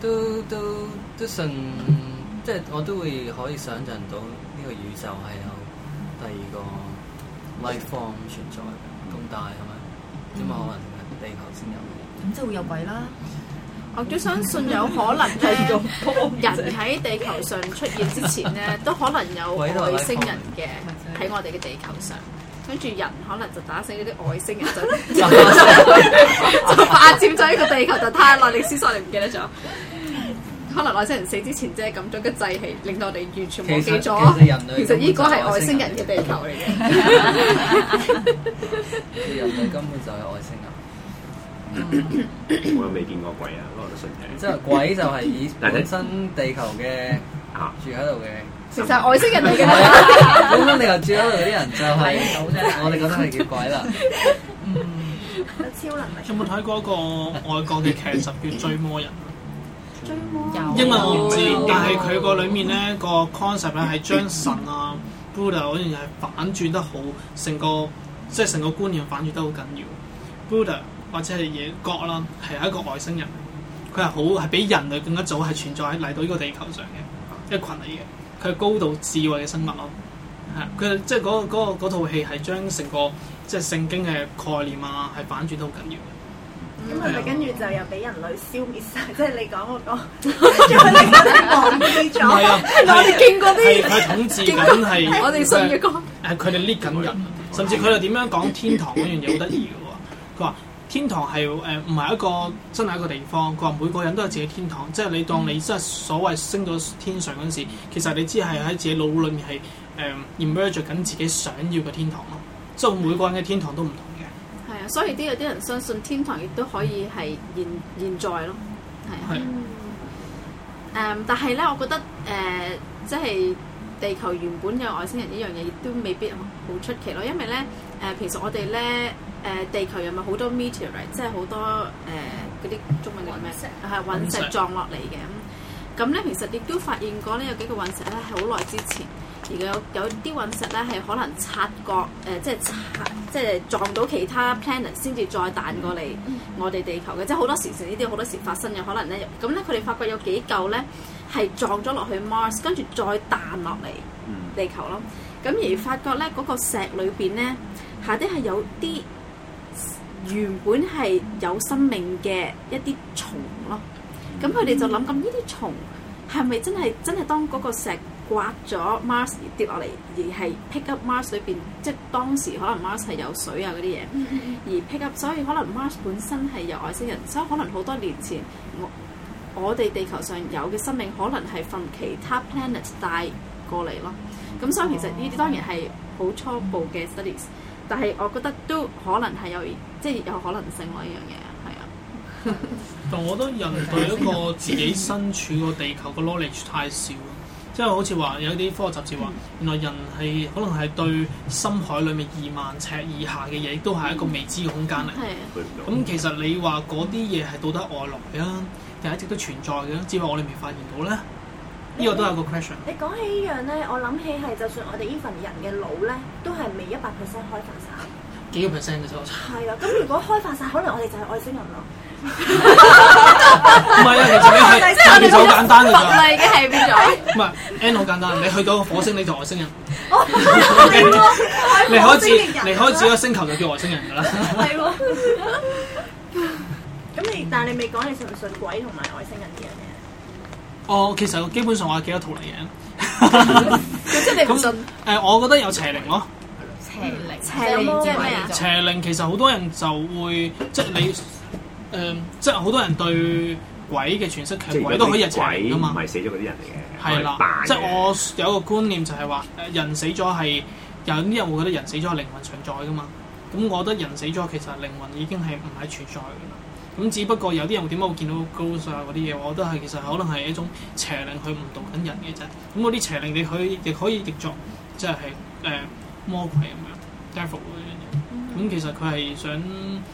都都都信，即係我都會可以想象到呢個宇宙係有第二個 life form 存在咁、嗯、大係咪？點、嗯、可能地球先有？咁即係會有鬼啦！ 我最相信有可能第二個人喺地球上出現之前咧， 都可能有外星人嘅喺我哋嘅地球上。跟住人可能就打死咗啲外星人 就就霸佔咗呢個地球，就太耐，歷史上你唔記得咗，可能外星人死之前即係咁，仲個制氣令到我哋完全冇記咗。其實呢個係外星人嘅地球嚟嘅。人類根本就係外星人。人星人，我又未見過鬼啊，不過都信。即係鬼就係以本身地球嘅住喺度嘅。其實外星人嚟嘅，咁樣你又接下嗰啲人就係、是， 我哋覺得係叫鬼啦。嗯，超能力。有冇睇過一個外國嘅劇集叫《追魔人》追魔人？英文我唔知，但係佢個裡面咧個 concept 係將神啊 Buddha 嗰樣嘢反轉得好，成個即係成個觀念反轉得好緊要。Buddha 或者係野 god 啦，係一個外星人，佢係好係比人類更加早係存在喺嚟到呢個地球上嘅一群嚟嘅。佢係高度智慧嘅生物咯，係佢、就是、即係嗰個套戲係將成個即係聖經嘅概念啊，係反轉都好緊要嘅。咁係咪跟住就又俾人類消滅晒？即、就、係、是、你講嗰個在天堂嘅咗，我哋見過啲係統治緊係佢哋，誒佢哋捏緊人，甚至佢哋點樣講天堂嗰樣嘢好得意嘅喎，佢話。天堂係誒唔係一個真係一個地方，佢話每個人都有自己天堂，即係你當你真係所謂升咗天上嗰時，嗯、其實你只係喺自己腦裏面係誒 emerge 緊自己想要嘅天堂咯，即係每個人嘅天堂都唔同嘅。係啊，所以啲有啲人相信天堂亦都可以係現現在咯，係。誒的、嗯，但係咧，我覺得誒、呃，即係地球原本有外星人呢樣嘢，亦都未必好出奇咯，因為咧。誒，其實我哋咧，誒地球有咪好多 meteorite，即係好多誒嗰啲中文叫咩？係隕石撞落嚟嘅。咁咁咧，其實亦都發現過咧，有幾個隕石咧係好耐之前，而有有啲隕石咧係可能擦過，誒、呃、即係擦即係撞到其他 planet 先至再彈過嚟我哋地球嘅、嗯嗯，即係好多時事呢啲好多時發生嘅可能咧。咁咧佢哋發覺有幾嚿咧係撞咗落去 Mars，跟住再彈落嚟地球咯。咁、嗯嗯、而發覺咧嗰、那個石裏邊咧～下啲係有啲原本係有生命嘅一啲蟲咯，咁佢哋就諗咁呢啲蟲係咪真係真係當嗰個石刮咗 Mars 跌落嚟，而係 pick up Mars 裏邊，即係當時可能 Mars 係有水啊嗰啲嘢，嗯、而 pick up 所以可能 Mars 本身係有外星人，所以可能好多年前我我哋地球上有嘅生命可能係從其他 planet 帶過嚟咯。咁所以其實呢啲當然係好初步嘅 studies、嗯。但係，我覺得都可能係有，即係有可能性咯。呢樣嘢係啊。但 我覺得人對一個自己身處個地球嘅 knowledge 太少，即係、就是、好似話有啲科學雜誌話，原來人係可能係對深海裡面二萬尺以下嘅嘢，都係一個未知嘅空間嚟。係。咁其實你話嗰啲嘢係到底外來啊，定係一直都存在嘅？只不過我哋未發現到咧。呢個都係個 question。你講起呢樣咧，我諗起係，就算我哋呢份人嘅腦咧，都係未一百 percent 開發晒，幾個 percent 嘅啫。係 啊，咁如果開發晒、e. 可能我哋就係外星人咯。唔係啊，其實係變咗好簡單㗎啦，已經係變咗。唔係，n 好簡單，你去到火星你就外星人。離開，離開自己個星球就叫外星人㗎啦。係 喎。咁你， 但係你未講你信唔信鬼同埋外星人啲嘢？哦，其實基本上話幾多圖嚟嘅，即係你唔信、嗯？我覺得有邪靈咯。邪靈，邪靈係咩麼邪靈，其實好多人就會即係你誒，即係好、呃、多人對鬼嘅詮釋，其實鬼都可以日常嘅嘛，唔係死咗嗰啲人嚟嘅。係啦，即係我有一個觀念就係話，誒，人死咗係有啲人會覺得人死咗係靈魂存在噶嘛。咁我覺得人死咗其實靈魂已經係唔係存在嘅。咁只不過有啲人會點解會見到 ghost 啊嗰啲嘢，我覺得係其實可能係一種邪靈，佢唔讀緊人嘅啫。咁嗰啲邪靈，你可以亦可以譯作，即係係誒魔鬼咁樣 devil 咁樣嘢。咁其實佢係想，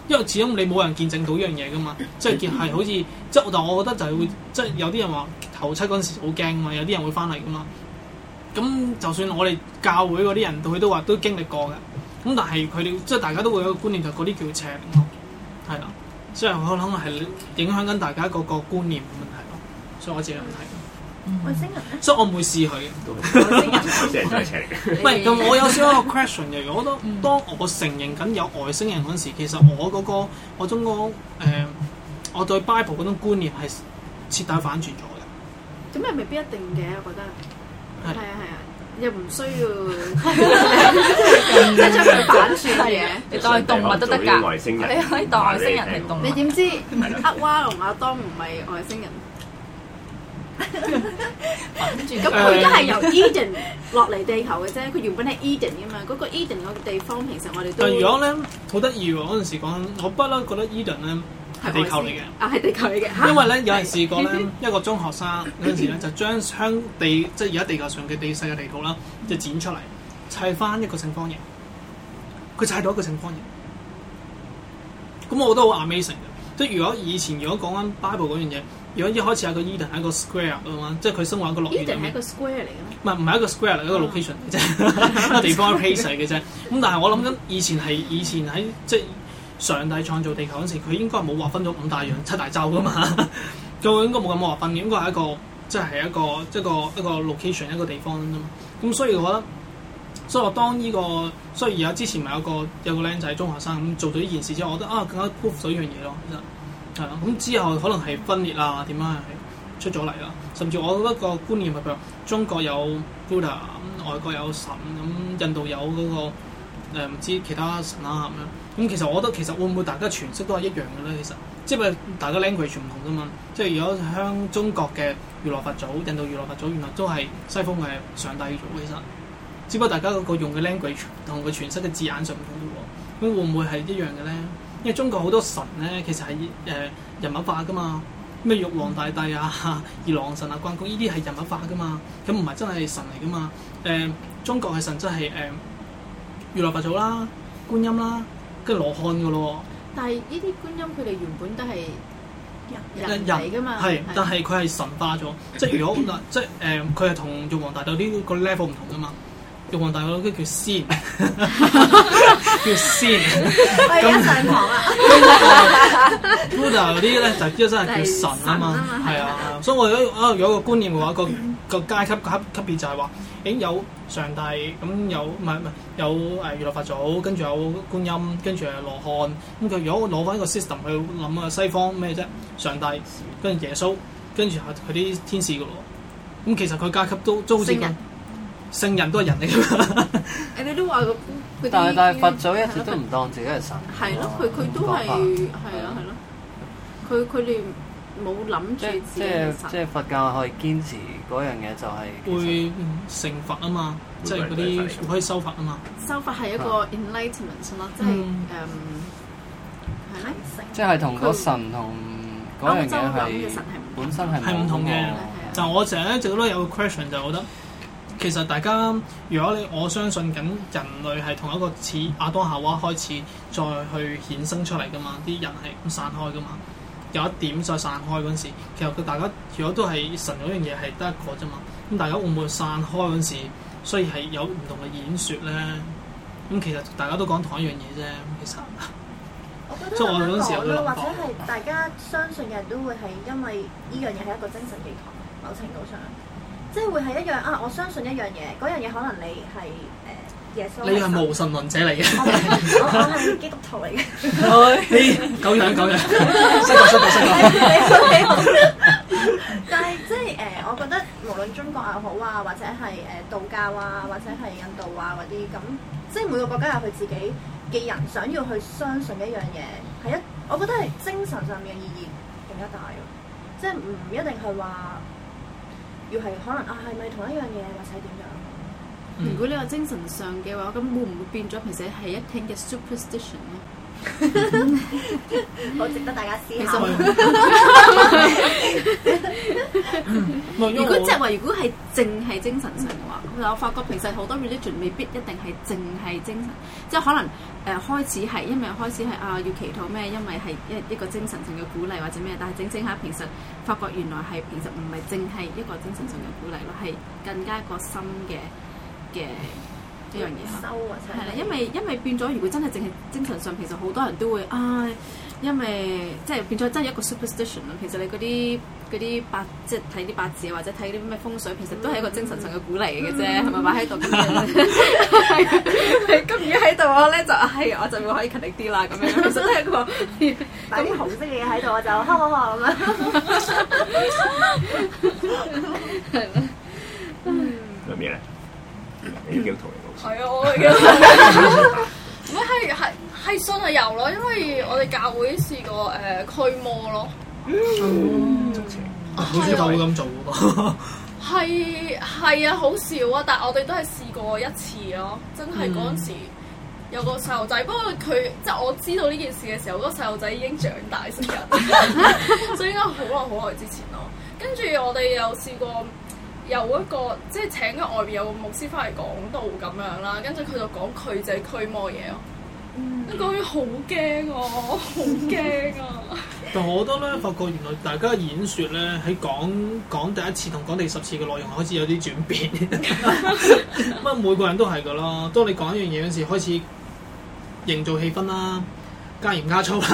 因為始終你冇人見證到一樣嘢噶嘛，即係見係好似即係，但我覺得就係會即係有啲人話頭七嗰陣時好驚啊嘛，有啲人會翻嚟噶嘛。咁就算我哋教會嗰啲人，佢都話都經歷過嘅。咁但係佢哋即係大家都會有個觀念，就係嗰啲叫邪靈咯，係啦。即係我可能係影響緊大家嗰個觀念嘅問題咯，所以我自己唔睇外星人，嗯、所以我唔會試佢。外星人，真係嘅。唔 係，咁 不我有少少 question，例如，我覺得當我承認緊有外星人嗰陣時，其實我嗰、那個我中個誒、呃，我對 Bible 嗰種觀念係徹底反轉咗嘅。咁又、嗯、未必一定嘅，我覺得。係啊的，係啊。又唔需要，即係將佢反轉嘅，你當動物都得㗎，你可以當外星人嚟。你點知夏娃同亞當唔係外星人？咁佢都係由 Eden 落嚟地球嘅啫，佢原本係 Eden 㗎嘛。嗰個 Eden 個地方，其實我哋都但係如果咧好得意喎，嗰陣時講，我不嬲覺得 Eden 咧。係地球嚟嘅，啊係地球嚟嘅。因為咧，有人試過咧，一個中學生嗰陣時咧，就將香地，即係而家地球上嘅地勢嘅地圖啦，就剪出嚟砌翻一個正方形。佢砌到一個正方形，咁我覺得好 amazing 嘅。即係如果以前如果講緊 Bible 嗰樣嘢，如果一開始阿個 Eden 係一個 square 嘅嘛，即係佢生活一個樂園係一個 square 嚟嘅咩？唔係唔係一個 square，一個 location 嘅啫，地方嘅 place 嚟嘅啫。咁但係我諗緊以前係以前喺即係。上帝創造地球嗰時，佢應該係冇劃分咗五大洋、七大洲噶嘛，佢 應該冇咁冇劃分嘅，應該係一個即係、就是、一個、就是、一個一個 location 一個地方啫嘛。咁所以我覺得，所以我當呢、這個所以而家之前咪有個有個靚仔中學生咁做咗呢件事之後，我覺得啊更加 proof 咗呢樣嘢咯，其實係啦。咁之後可能係分裂啊，點樣出咗嚟啦，甚至我覺得個觀念係譬如中國有 Buddha 外國有神咁，印度有嗰、那個唔、呃、知其他神啊咁樣。咁其實我覺得其實會唔會大家詮釋都係一樣嘅咧？其實即係大家 language 唔同啫嘛。即係如果向中國嘅如來佛祖、印度如來佛祖，原來都係西方嘅上帝做其實。只不過大家嗰個用嘅 language 同佢詮釋嘅字眼上唔同啫喎。咁會唔會係一樣嘅咧？因為中國好多神咧，其實係誒、呃、人物化噶嘛。咩玉皇大帝啊、二郎神啊、關公呢啲係人物化噶嘛。咁唔係真係神嚟噶嘛？誒、呃、中國嘅神真係誒如來佛祖啦、觀音啦。即係羅漢㗎咯，但係呢啲觀音佢哋原本都係人嚟㗎嘛，係，但係佢係神化咗， 即係如果嗱，即係誒，佢係同玉皇大帝呢個 level 唔同㗎嘛。玉皇大帝嗰叫仙 叫 C. 叫仙咁上堂啊！Buddha 嗰啲咧就真係叫神啊嘛，係啊，的的所以我如果個觀念嘅話，個個階級個級級別就係話，誒、欸、有上帝咁有唔係唔係有誒如來佛祖，跟住有觀音，跟住誒羅漢，咁佢如果攞翻呢個 system 去諗下西方咩啫？上帝跟住耶穌，跟住佢啲天使噶喎，咁其實佢階級都都好似。聖人都係人嚟㗎，你都話佢。但係佛祖一直都唔當自己係神。係咯，佢佢都係，係啊係咯。佢佢哋冇諗住自己係神。即即係佛教可以堅持嗰樣嘢，就係會成佛啊嘛，即係嗰啲可以修法啊嘛，修法係一個 enlightenment 咯，即係誒，係咩？即係同個神同嗰樣嘢係本身係唔同嘅。但我成日一直都有個 question，就覺得。其實大家，如果你我相信緊人類係同一個似亞當夏娃開始再去衍生出嚟噶嘛，啲人係咁散開噶嘛，有一點再散開嗰陣時，其實個大家如果都係神嗰樣嘢係得一個啫嘛，咁大家會唔會散開嗰陣時，所以係有唔同嘅演說咧？咁其實大家都講同一樣嘢啫，其實。所以我嗰陣時我都諗。或者係大家相信嘅人都會係因為呢樣嘢係一個精神寄託，某程度上。即係會係一樣啊！我相信一樣嘢，嗰樣嘢可能你係誒、呃、耶穌。你係無神論者嚟嘅。 我係基督徒嚟嘅。你狗養狗養。識路識路識路。但係即係誒、呃，我覺得無論中國又好啊，或者係誒、呃、道教啊，或者係印度啊嗰啲，咁即係每個國家有佢自己嘅人想要去相信一樣嘢，係一我覺得係精神上面嘅意義更加大，即係唔一定係話。要係可能啊，係咪同一樣嘢，或者點樣？嗯、如果你話精神上嘅話，咁會唔會變咗？其實係一聽嘅 superstition 咯。好值得大家思考。 如果即係話，如果係淨係精神上嘅話， 我發覺平時好多 religion 未必一定係淨係精神，即係可能誒、呃、開始係因為開始係啊要祈禱咩，因為係一一個精神上嘅鼓勵或者咩，但係正正下，平時發覺原來係其實唔係淨係一個精神上嘅鼓勵咯，係更加一個新嘅嘅。呢樣嘢係，係啦，因為因為變咗，如果真係淨係精神上，其實好多人都會啊，因為即係變咗，真係一個 superstition 啦。其實你嗰啲嗰啲八，即係睇啲八字啊，或者睇嗰啲咩風水，其實都係一個精神上嘅鼓勵嘅啫，係咪擺喺度？金魚喺度，我咧就係我就會可以勤力啲啦，咁樣。真係一個擺啲紅色嘅嘢喺度，我就哈哈哈咁樣。嗯，咩咧？你幾多台？係啊，我而家唔係係係信係有咯，因為我哋教會試過誒、呃、驅魔咯。好似教會咁做喎。係係啊，好少啊，但係我哋都係試過一次咯。真係嗰陣時有個細路仔，嗯、不過佢即係我知道呢件事嘅時候，嗰、嗰個細路仔已經長大成人， 所以應該好耐好耐之前咯。跟住我哋又試過。有一個即係請咗外邊有個牧師翻嚟講道咁樣啦，跟住佢就講佢就係驅魔嘢咯。講完好驚啊，好驚啊！ 但我覺得咧，發覺原來大家演説咧，喺講講第一次同講第十次嘅內容開始有啲轉變。咁 每個人都係噶啦。當你講一樣嘢嗰時開始營造氣氛啦，加鹽加醋啦，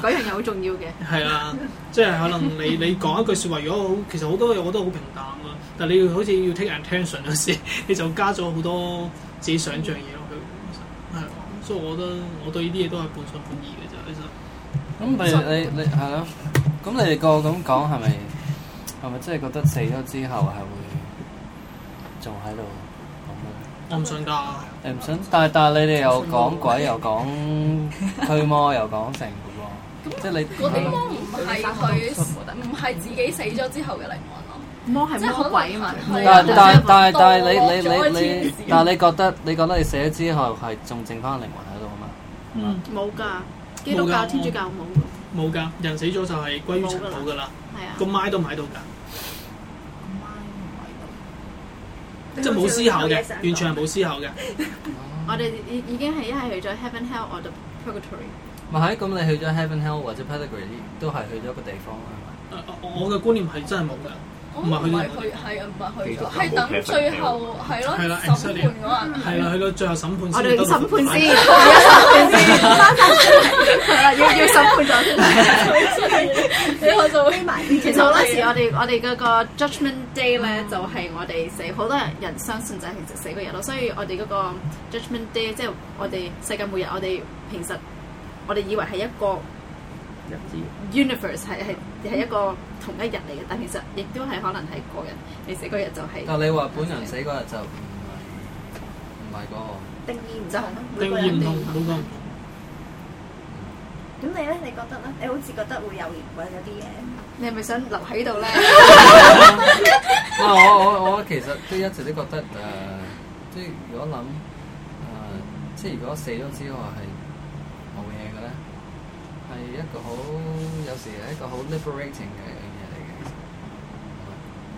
嗰樣嘢好重要嘅。係 啊，即係可能你你講一句説話，如果好其實好多嘢我都好平淡。但你要好似要 take attention 嗰時， 你就加咗好多自己想象嘢落去，係，所以我覺得我對呢啲嘢都係半信半疑嘅啫。其、就、實、是啊，咁、嗯、你你係咯，咁 你哋個咁講係咪係咪真係覺得死咗之後係會仲喺度？我唔信㗎，啊、 你唔信？但係但係你哋又講鬼又講驅魔又講成嘅即係你啲魔唔係佢唔係自己死咗之後嘅靈。 魔係乜鬼啊嘛？但係但係但係但係你你你你，但係你覺得你覺得你死咗之後係仲剩返靈魂喺度啊嘛？嗯，冇噶，基督教、天主教冇噶，冇噶，人死咗就係歸於塵土噶啦。係啊，個咪都咪到㗎，即係冇思考嘅，完全係冇思考嘅。我哋已已經係一係去咗 Heaven, Hell or the Purgatory。咪係，咁你去咗 Heaven, Hell 或者 Purgatory 都係去咗一個地方係咪？我嘅觀念係真係冇噶。唔係去，係啊！唔係去，係等最後係咯審判嗰日。係啦，去到最後審判我哋審判先，審判先。係啦，要要審判咗先。其實嗰時我哋我哋嗰個 Judgement Day 咧，就係我哋死好多人人相信就係其實死嗰日咯。所以我哋嗰個 Judgement Day 即係我哋世界末日，我哋平時我哋以為係一個。Universe 係係係一個同一日嚟嘅，但其實亦都係可能係個人你死嗰日就係、係。但你話本人死嗰日就唔係，唔係，嗰個定義唔同咯。就個人定義唔同，咁你咧？你覺得咧？你好似覺得會有或者有啲嘢，你係咪想留喺度咧？我我我其實都一直都覺得誒、呃，即係如果諗、呃、即係如果死咗之後係冇嘢嘅咧。係一個好，有時係一個好 liberating 嘅嘢嚟嘅。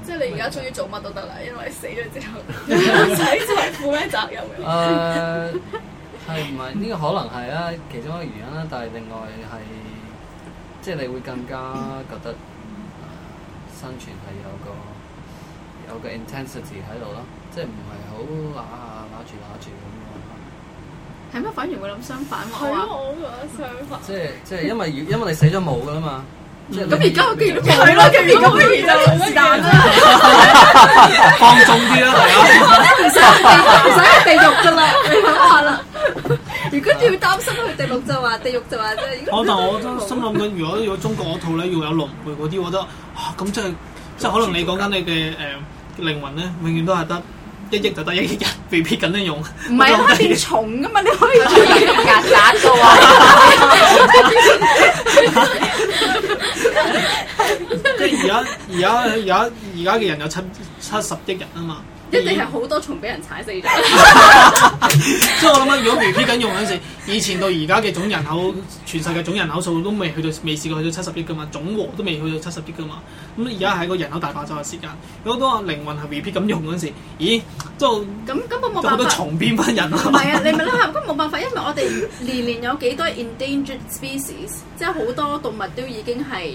即係你而家鍾意做乜都得啦，因為死咗之後唔使負咩責任。誒 呃，係唔係呢個可能係啦，其中一個原因啦，但係另外係，即係你會更加覺得、嗯呃、生存係有個有個 intensity 喺度咯，即係唔係好嗱下嗱住嗱住咁。係咩？反而會諗相反喎。係咯、嗯，我個即係即係，就是、因為因為你死咗冇噶啦嘛。咁而家我叫佢，係咯，咁而家而家冇時間啦。放縱啲啦，係啊。唔使喺地獄噶啦，你諗下啦。 如果你要擔心去地獄就話地獄就話啫。我但係我都心諗緊，如果要如，果如，果要如，果如果有中國嗰套咧要有龍背嗰啲，我覺得咁、啊、即係即係可能你，你講緊你嘅誒、呃、靈魂咧，永遠都係得。一億就得一億人，未必緊啲用，唔係變重噶嘛？你可以做啲夾夾嘅喎。即係而家而家而家而家嘅人有七七十億人啊嘛。一定係好多蟲俾人踩死咗，即係我諗如果 repeat 緊用嗰陣時，以前到而家嘅總人口，全世界總人口數都未去到，未試過去到七十億噶嘛，總和都未去到七十億噶嘛。咁而家係個人口大爆炸嘅時間，如果都話靈魂係 repeat 咁用嗰陣時，咦？就咁根本冇辦法，好多蟲變翻人啊！唔係啊，你咪咯，咁冇辦法，因為我哋年年有幾多 endangered species，即係好多動物都已經係。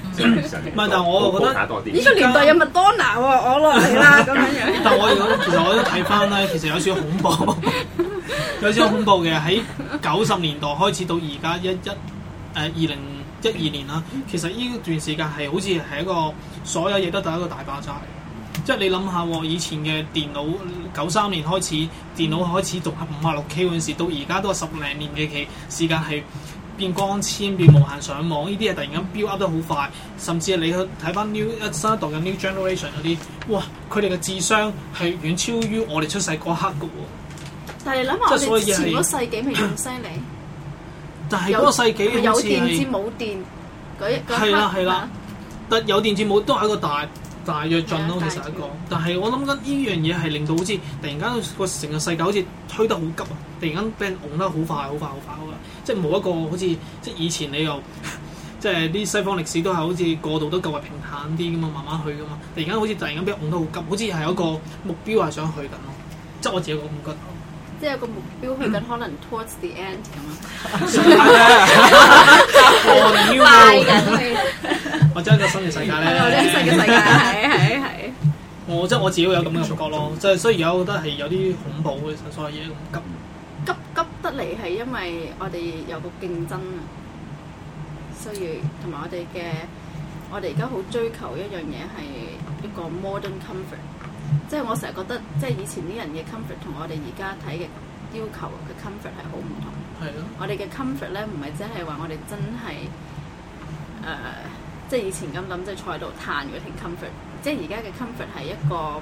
唔係， 但係我又覺得呢個年代有咪多娜喎，我落嚟啦咁樣。多多在 但我如其實我都睇翻咧，其實有少少恐怖， 有少少恐怖嘅。喺九十年代開始到而家一一誒二零一二年啦，其實呢段時間係好似係一個所有嘢都係一個大爆炸。即係你諗下，以前嘅電腦，九三年開始電腦開始讀五啊六 K 嗰陣時，到而家都十零年嘅期時間係。變光纖變無限上網，呢啲嘢突然間 build up 得好快，甚至係你去睇翻 new 新一代嘅 new generation 嗰啲，哇！佢哋嘅智商係遠超於我哋出世嗰刻嘅喎。但係你諗下，我以前嗰個世紀咪咁犀利，但係嗰個世紀有電子冇電嗰一嗰一刻，係啦，係啦，但有電子冇都係一個大。大躍進咯，其實一個。約但係我諗緊呢樣嘢係令到好似突然間個成個世界好似推得好急啊！突然間俾人擁得好快，好快，好快，快，快，即係冇一個好似即係以前你又即係啲西方歷史都係好似過渡都較為平坦啲咁啊，慢慢去噶嘛。突然間好似突然間俾擁得好急，好似係有一個目標係想去緊咯。即係我自己個感覺，即係有個目標去緊，可能 towards the end 咁啊。快啲去！即係一個新嘅世界咧，新嘅世界係係係。 我即係我自己會有咁嘅感覺咯。即係雖然有覺得係有啲恐怖嘅，所有嘢咁急急急得嚟，係因為我哋有個競爭啊。所以同埋我哋嘅，我哋而家好追求一樣嘢係一個 modern comfort。即係我成日覺得，即係以前啲人嘅 comfort 同我哋而家睇嘅要求嘅 comfort 係好唔同。係咯、啊。我哋嘅 comfort 咧，唔係淨係話我哋真係誒。呃即係以前咁諗，即係坐喺度嘆嗰條 comfort。即係而家嘅 comfort 係一個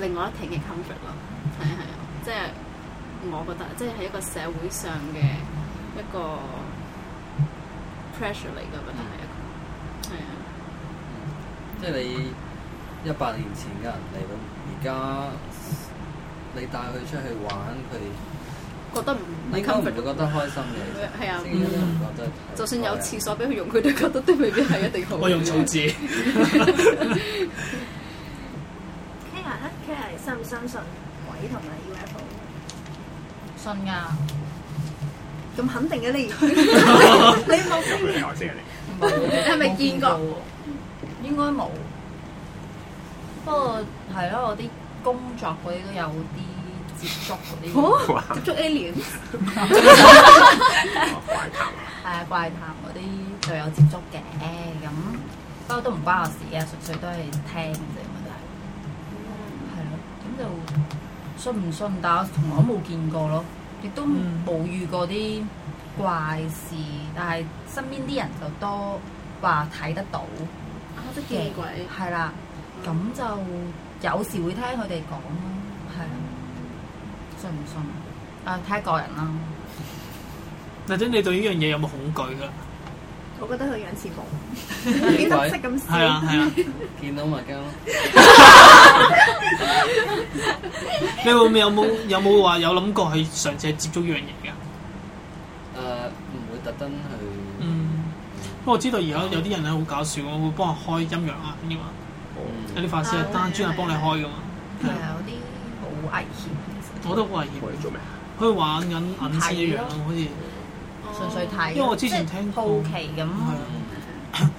另外一挺嘅 comfort 咯。係啊係啊，即係我覺得，即係係一個社會上嘅一個 pressure 嚟嘅，我覺得係一個。係啊，即係你一百年前嘅人嚟到而家，你帶佢出去玩，佢。覺得唔，你覺得開心嘅係啊，得、嗯、就算有廁所俾佢用，佢都覺得都未必係一定好。我用草紙。傾下啦，佢你信唔相信鬼同埋 UFO？信㗎，咁肯定嘅、啊、你， 你冇識有？外星人嚟？唔係，你係咪見過？ 應該冇。嗯、不過係咯，我啲工作嗰啲都有啲。接觸嗰啲哇，接觸 aliens，啊，怪談嗰啲就有接觸嘅，咁不過都唔關我事嘅，純粹都係聽啫、嘛，咁都係，係咯，咁 就信唔信？但係我從來都冇見過咯，亦都冇遇過啲怪事。但係身邊啲人就多話睇得到，覺得見鬼，係啦。咁 就有時會聽佢哋講咯，係。信唔信？啊，睇個人啦。或者你對呢樣嘢有冇恐懼噶？我覺得佢樣似冇，啲顏色咁鮮。係啊係啊，見到咪驚咯。你有冇有冇有冇話有諗過去嘗試接觸呢樣嘢噶？誒，唔會特登去。嗯。不過我知道而家有啲人咧，好搞笑，我會幫人開陰陽啊呢啲嘛。哦。有啲法師啊，單專啊，幫你開噶嘛。係啊，有啲好危險。我都懷疑。做咩？佢玩緊銀仙一樣啊，好似像純粹睇。因為我之前聽好奇咁，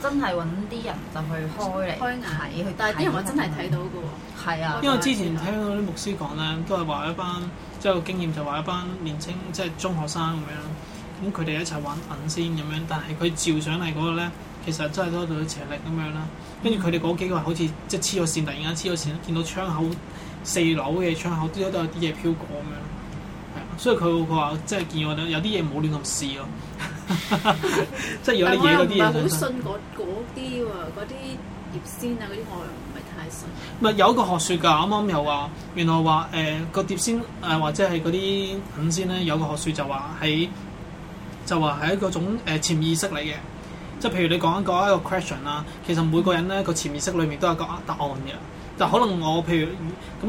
真係搵啲人就去開嚟開眼來去看，但係啲人我真係睇到嘅喎。係啊、嗯，因為之前聽嗰啲牧師講咧，都係話一班即係有經驗就話、是、一班、就是就是、年青即係中學生咁樣，咁佢哋一齊玩銀仙咁樣，但係佢照上嚟嗰個咧，其實真係都有啲邪力咁樣啦。跟住佢哋嗰幾個好似即係黐咗線，突然間黐咗線，見到窗口。四樓嘅窗口都有都有啲嘢飄過咁樣，係啊，所以佢佢話即係見我哋有啲嘢唔好亂咁試咯， 即係有啲嘢嗰啲嘢好信嗰嗰啲喎，嗰啲碟仙啊嗰啲，我又唔係太信。唔係有一個學説㗎，啱啱又話，原來話誒、呃、個碟仙誒、呃、或者係嗰啲魂仙咧，嗯、有個學説就話喺就話係一個種誒潛、呃、意識嚟嘅，即係譬如你講一,一個一個 question 啦，其實每個人咧個潛意識裏面都有一個答案嘅。但可能我譬如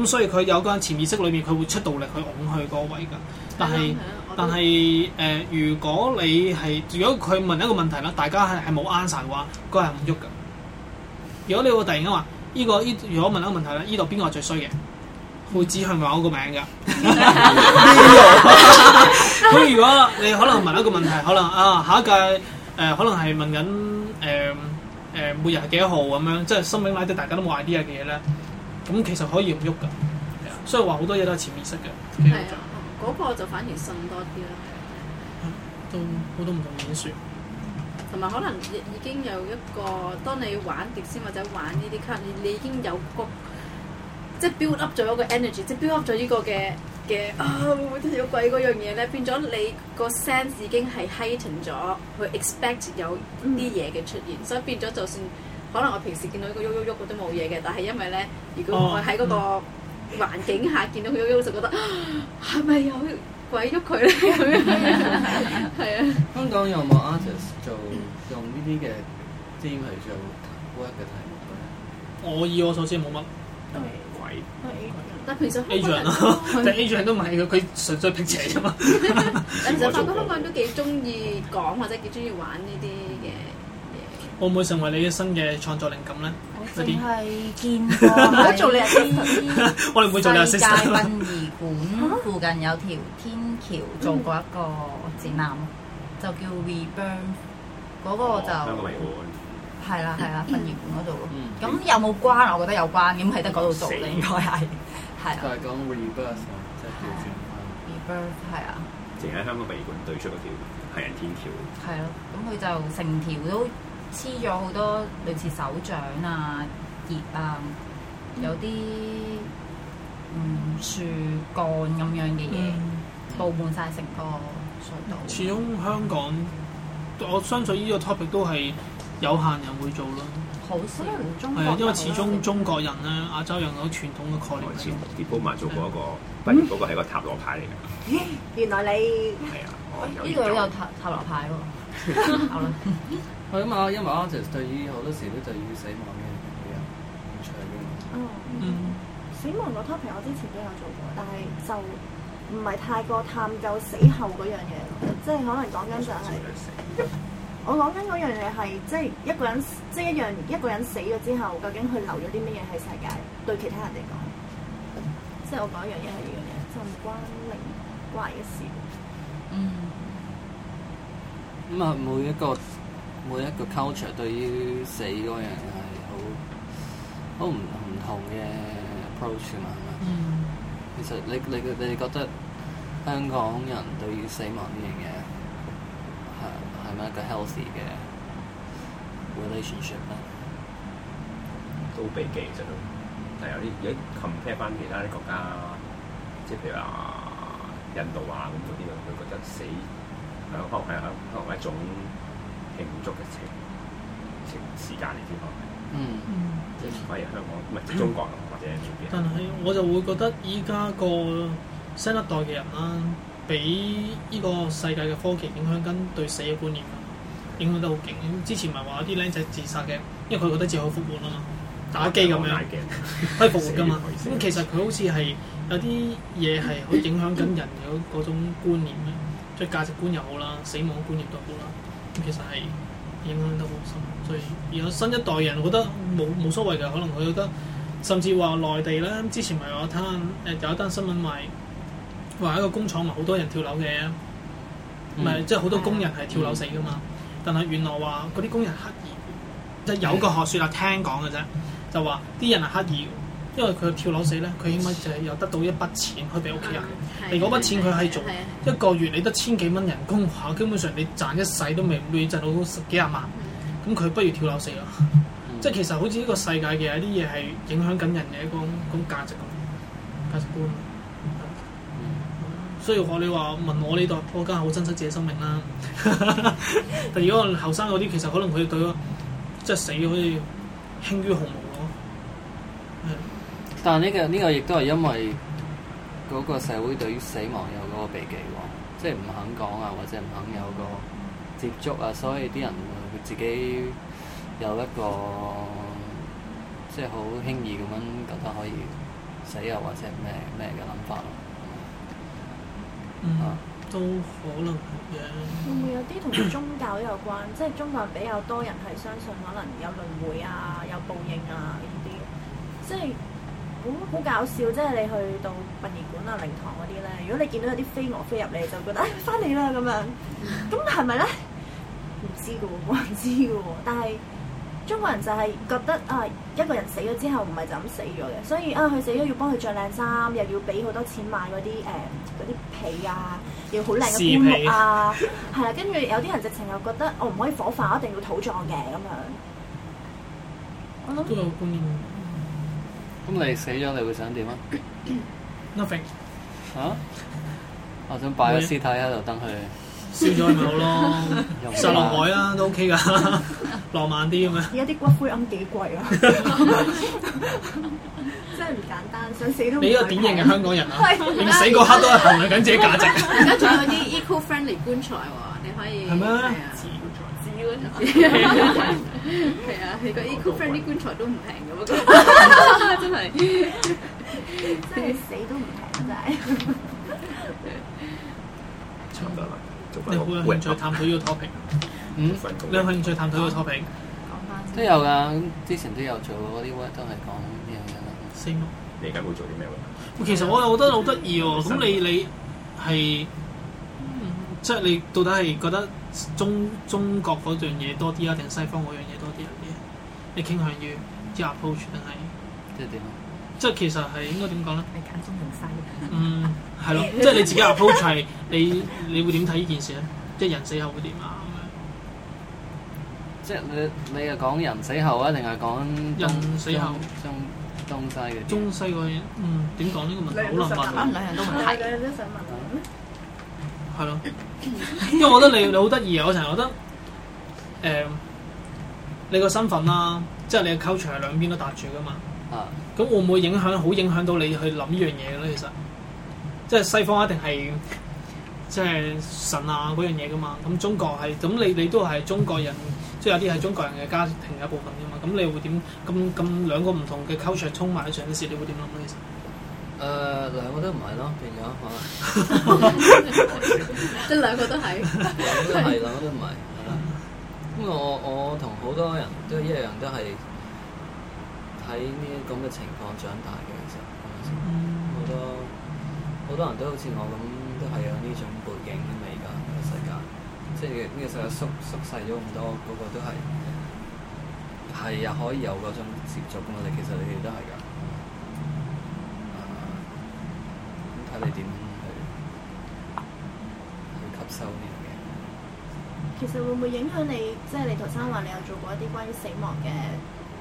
咁，所以佢有個潛意識裏面，佢會出道力去往去嗰位㗎。但係 但係誒、呃，如果你係如果佢問一個問題啦，大家係係冇 answer 嘅話，佢係唔喐㗎。如果你會突然間話呢、這個依，如果問一個問題咧，呢度邊個係最衰嘅？會指向問我個名㗎。咁如果你可能問一個問題，可能啊下一屆誒、呃、可能係問緊誒。呃誒、呃、每日係幾多號咁樣，即係心裏拉啲大家都冇 idea 嘅嘢咧，咁其實可以唔喐噶，Yeah. 所以話好多嘢都係潛意識嘅。係、mm hmm. 啊，嗰、那個就反而順多啲啦、啊。都好多唔同嘢説，同埋可能已經有一個，當你玩碟仙或者玩呢啲卡你，你已經有谷。即係 build up 咗一個 energy，即係 build up 咗呢個嘅嘅啊！會有鬼嗰樣嘢咧，變咗你個 sense 已經係 heighten 咗，去 expect 有啲嘢嘅出現，嗯、所以變咗就算可能我平時見到呢個喐喐喐，我都冇嘢嘅，但係因為咧，如果我喺嗰個環境下見到佢喐喐，哦嗯、就覺得係咪、哦、有鬼喐佢咧？咁樣係啊。香港有冇 artist 做用呢啲嘅即 theme 做 cut 嘅題目咧？我以我所知冇乜。Okay. 係，但其實香港人，但係香港人都唔係嘅，佢純粹辟邪啫嘛。其實發覺香港人都幾中意講或者幾中意玩呢啲嘅嘢。會唔會成為你一生嘅創作靈感咧？我淨係見，唔好做你嘅老師。我哋會做兩先生。世界殯儀館附近有條天橋，做過一個展覽，就叫 Rebirth。嗰個就。係啦，係啦，殯 儀館嗰度咯。咁、嗯嗯、有冇關？我覺得有關。咁喺得嗰度做咧，應該係係啊。就係講 reverse 啊，即係調轉啊。reverse 係啊。淨係喺香港殯儀館對出嗰條行人天橋。係咯，咁佢 就成條都黐咗好多類似手掌啊，葉啊，有啲、嗯、樹幹咁樣嘅嘢，布滿晒成個隧道。始終香港，我相信呢個 topic 都係。有限人會做咯，好少。係啊，因為始終中國人咧、亞洲人嗰傳統嘅概念。我前啲幫埋做過一個，不如嗰個係個塔羅牌嚟㗎。原來你係啊，呢個都有塔塔羅牌喎。係啊嘛，因為我成日對於好多時都就與死亡呢樣嘢出嚟嘅。嗯嗯，死亡個 topic 我之前都有做過，但係就唔係太過探究死後嗰樣嘢，即係可能講緊就係。我講緊嗰樣嘢係，即係一個人，即係一樣一個人死咗之後，究竟佢留咗啲乜嘢喺世界，對其他人嚟講？即係我講一樣嘢係呢樣嘢，就唔關靈魂嘅事。嗯。咁、嗯、啊，每一個每一個 culture 對於死嗰樣係好好唔唔同嘅 approach 嘛。嗯。其實你你你覺得香港人對於死亡呢樣嘢？一個 healthy 嘅 relationship 啦、嗯，都避忌，其實都係有啲，有啲 compare 翻其他啲國家，即係譬如話、啊、印度啊咁嗰啲，佢覺得死係可能係可能係一種慶祝嘅情情時間嚟嘅，嗯，即係反而香港唔係中國、嗯、或者點嘅。但係我就會覺得依家個新一代嘅人啦、啊。俾呢個世界嘅科技影響緊對死嘅觀念啊，影響得好勁。之前咪話啲僆仔自殺嘅，因為佢覺得自己可以復活啊嘛，打機咁樣，可以復活噶嘛。咁其實佢好似係有啲嘢係好影響緊人嘅嗰種觀念咧， 即係價值觀又好啦，死亡觀念都好啦。咁其實係影響得好深。所以而家新一代人我覺得冇冇所謂嘅，可能佢覺得甚至話內地咧，之前咪有一單誒有一單新聞咪。話一個工廠咪好多人跳樓嘅，咪、嗯、即係好多工人係跳樓死噶嘛。嗯、但係原來話嗰啲工人刻意，嗯、即係有個學說啊，聽講嘅啫。就話啲人係刻意，因為佢跳樓死咧，佢、嗯、起碼就係有得到一筆錢去俾屋企人。嗯、而嗰筆錢佢係做一個月，你得千幾蚊人工，吓，基本上你賺一世都未未賺到十幾廿萬，咁佢、嗯、不如跳樓死咯。即係其實好似呢個世界嘅，有啲嘢係影響緊人嘅一,一,一個，一個價值觀。所以我你話問我呢度，我梗真係好珍惜自己生命啦， 但如果後生嗰啲其實可能佢對個即係死可以輕於鴻毛咯。但係、呢個、呢個呢、呢個亦都係因為嗰個社會對於死亡有嗰個避忌喎，即係唔肯講啊，或者唔肯有個接觸啊，所以啲人會自己有一個即係好輕易咁樣覺得可以死啊或者咩咩嘅諗法，啊。嗯，都可能嘅。會唔會有啲同宗教有關？ 即係宗教比較多人係相信，可能有輪迴啊、有報應啊呢啲。即係好好搞笑，即係你去到殯儀館啊、靈堂嗰啲咧，如果你見到有啲飛蛾飛入嚟，就覺得翻嚟啦咁樣。咁係咪咧？唔 知嘅喎，我唔知嘅喎，但係。中國人就係覺得啊，uh, 一個人死咗之後唔係就咁死咗嘅，所以啊，佢、uh, 死咗要幫佢着靚衫，又要俾好多錢買嗰啲誒啲皮啊，要好靚嘅棺木啊，係啦私、啊，跟住有啲人直情又覺得我唔、哦、可以火化，一定要土葬嘅咁樣。 嗯、都有觀念。咁你死咗，你會想點啊 ？Nothing。Uh? 我想擺個屍體喺度等佢。燒咗咪好咯，撒落、嗯、海啦、啊、都 OK 噶，浪漫啲咁樣。而家啲骨灰龕幾貴啊， 真係唔簡單，想死都。你個典型嘅香港人啊，連 死嗰刻都係衡量緊自己價值。而家仲有啲 eco-friendly 棺材喎、啊，你可以係咩？係嗎啊，佢個 eco-friendly 棺材都唔平嘅喎，那個、真係 真係死都唔平真 差唔多啦。你會唔會去探討呢個 topic？ 嗯，你會唔會去探討呢個 topic？都有㗎，之前都有做嗰啲 work，都係講咩嘢？星啊！你而家會做啲咩？其實我又覺得好得意喎。咁你你係、嗯、即係你到底係覺得中中國嗰樣嘢多啲啊，定西方嗰樣嘢多啲啊？你傾向於啲 approach 定係即係點啊？即係其實係應該點講咧？嗯，係咯，即係你自己 approach 係你你會點睇呢件事啊？即係人死後會點啊？即係你你係講人死後啊，定係講人死後東東西嘅？中西嘅嘢，嗯，點講呢個問題？好 59, 難問，啱唔啱？人都問題都想問。係咯，因， 因為我覺得你你好得意啊！我成日覺得，誒、嗯，你個身份啦、啊，即係你個 approach 係兩邊都搭住噶嘛。啊，咁會唔會影響好影響到你去諗呢樣嘢嘅咧？其實。即係西方一定係即係神啊嗰樣嘢噶嘛，咁中國係咁你你都係中國人，即係有啲係中國人嘅家庭一部分噶嘛，咁你會點？咁咁兩個唔同嘅 culture 衝埋一上時，你會點諗咧？誒、uh, 兩個都唔係咯，變咗可能。即兩個都係，兩個都係，兩個都唔係。咁我我同好多人，人都一樣，都係喺呢啲咁嘅情況長大嘅，其實好多。 好多人都好似我咁，都係有呢種背景嚟㗎。世界即係呢個世界縮縮細咗咁多，嗰個都係係呀可以有嗰種接觸。我哋其實你哋都係㗎。咁睇你點去吸收嘅？其實會唔會影響你？即係你頭先話你有做過一啲關於死亡嘅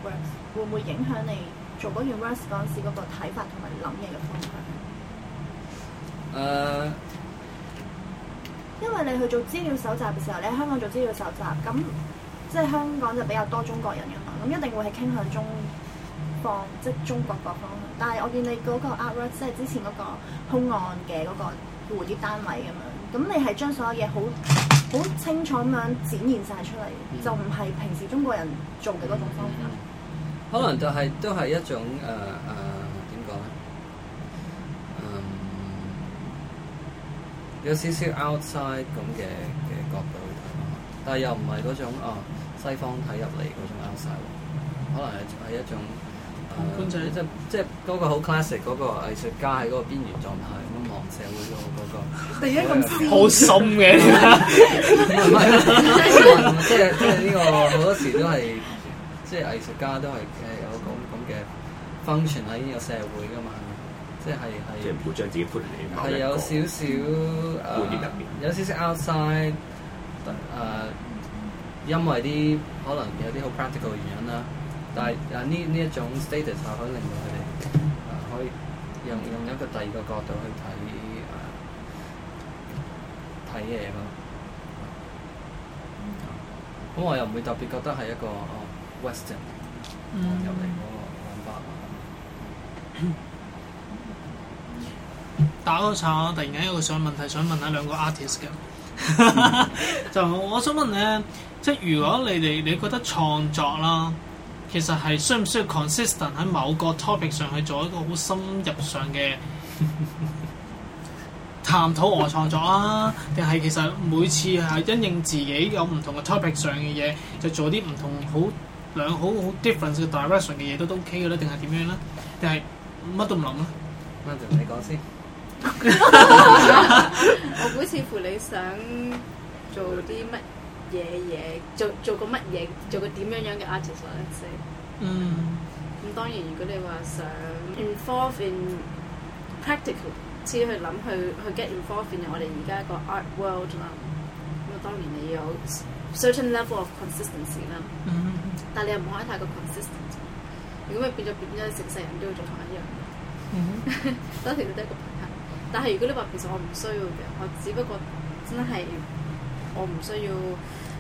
work，會唔會影響你做嗰件 work 嗰陣時嗰個睇法同埋諗嘢嘅方向？誒，uh, 因為你去做資料搜集嘅時候咧，你喺香港做資料搜集，咁即係香港就比較多中國人嘅嘛，咁一定會係傾向中方，即係中國各方。但係我見你嗰個 artwork，即係之前嗰個凶案嘅嗰個蝴蝶單位咁樣，咁你係將所有嘢好好清楚咁樣展現晒出嚟，就唔係平時中國人做嘅嗰種方法。Uh, 就可能就係都係一種誒誒。Uh, uh, 有少少 outside 咁嘅嘅角度去睇咯，但係又唔係嗰種啊西方睇入嚟嗰種 outside 可能係係一種，觀、啊、眾、嗯、即係即、那、係、個、嗰好 classic 嗰個藝術家喺個邊緣狀態，咁望、嗯、社會嗰、那個。突然間咁深嘅，即係、這個，即係呢個好多時都係，即係藝術家都係誒有咁咁嘅 function 喺呢個社會㗎嘛。即係係，即係唔會將自己 put 喺，係有少少、嗯呃，有少少 outside，誒，因為啲可能有啲好 practical 嘅原因啦。但係啊呢呢一種 status 可以令到佢哋，可以用用一個第二個角度去睇睇嘢咯。咁、呃嗯嗯嗯、我又唔會特別覺得係一個 Western 入嚟嗰個文打個岔，我突然間有個問想問題想問下兩個 artist 嘅， 就我想問咧，即係如果你哋你覺得創作啦，其實係需唔需要 consistent 喺某個 topic 上去做一個好深入上嘅 探討和創作啊？定係其實每次係因應自己有唔同嘅 topic 上嘅嘢，就做啲唔同好兩好好 different 嘅 direction 嘅嘢都 OK 嘅咧？定係點樣咧？定係乜都唔諗咧？就就你講先。我估似乎你想做啲乜嘢嘢，做做個乜嘢，做個點樣樣嘅 artist 咧先。嗯。咁當然，如果你話想 involve in practical，即係諗去去 get involved in 我哋而家一個 art world 啦。咁啊，當然你有 certain level of consistency 啦。嗯嗯嗯。但係你又唔可以太過 consistent。如果咪變咗變咗成世人都要做同一樣。嗯。多謝你第一個。但係如果你話其實我唔需要嘅，我只不過真係我唔需要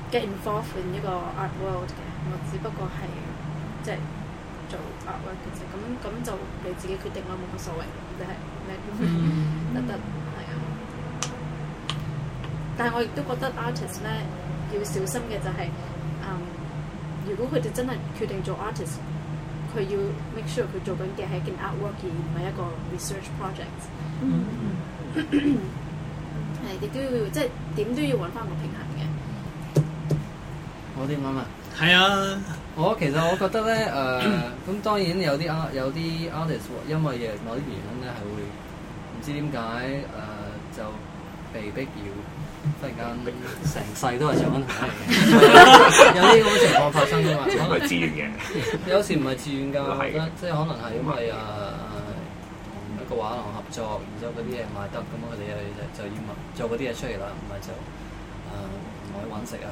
get involved in 一個 artwork 嘅，我只不過係即係做 artwork 嘅，啫。咁咁就你自己決定咯，冇乜所謂，你係咩都得得係啊！ 嗯 嗯、 但係我亦都覺得 artist 咧要小心嘅就係、是，嗯，如果佢哋真係決定做 artist，佢要 make sure 佢做緊嘅係一件 artwork 而唔係一個 research project。嗯，係，亦都要即係點都要揾翻個平衡嘅。我點諗啊！係啊、 哦，我其實我覺得咧，誒、呃，咁當然有啲阿有啲 artist 因為某啲原因咧係會唔知點解誒就被逼要突然間成世都係做安踏嘅，有啲咁嘅情況發生噶嘛？唔係自願嘅，有時唔係自願噶，我覺得即係可能係因為誒。 嗯畫廊合作，然之後啲嘢賣得，咁佢哋又就要做嗰啲嘢出嚟啦，唔係就誒唔可以揾食啊！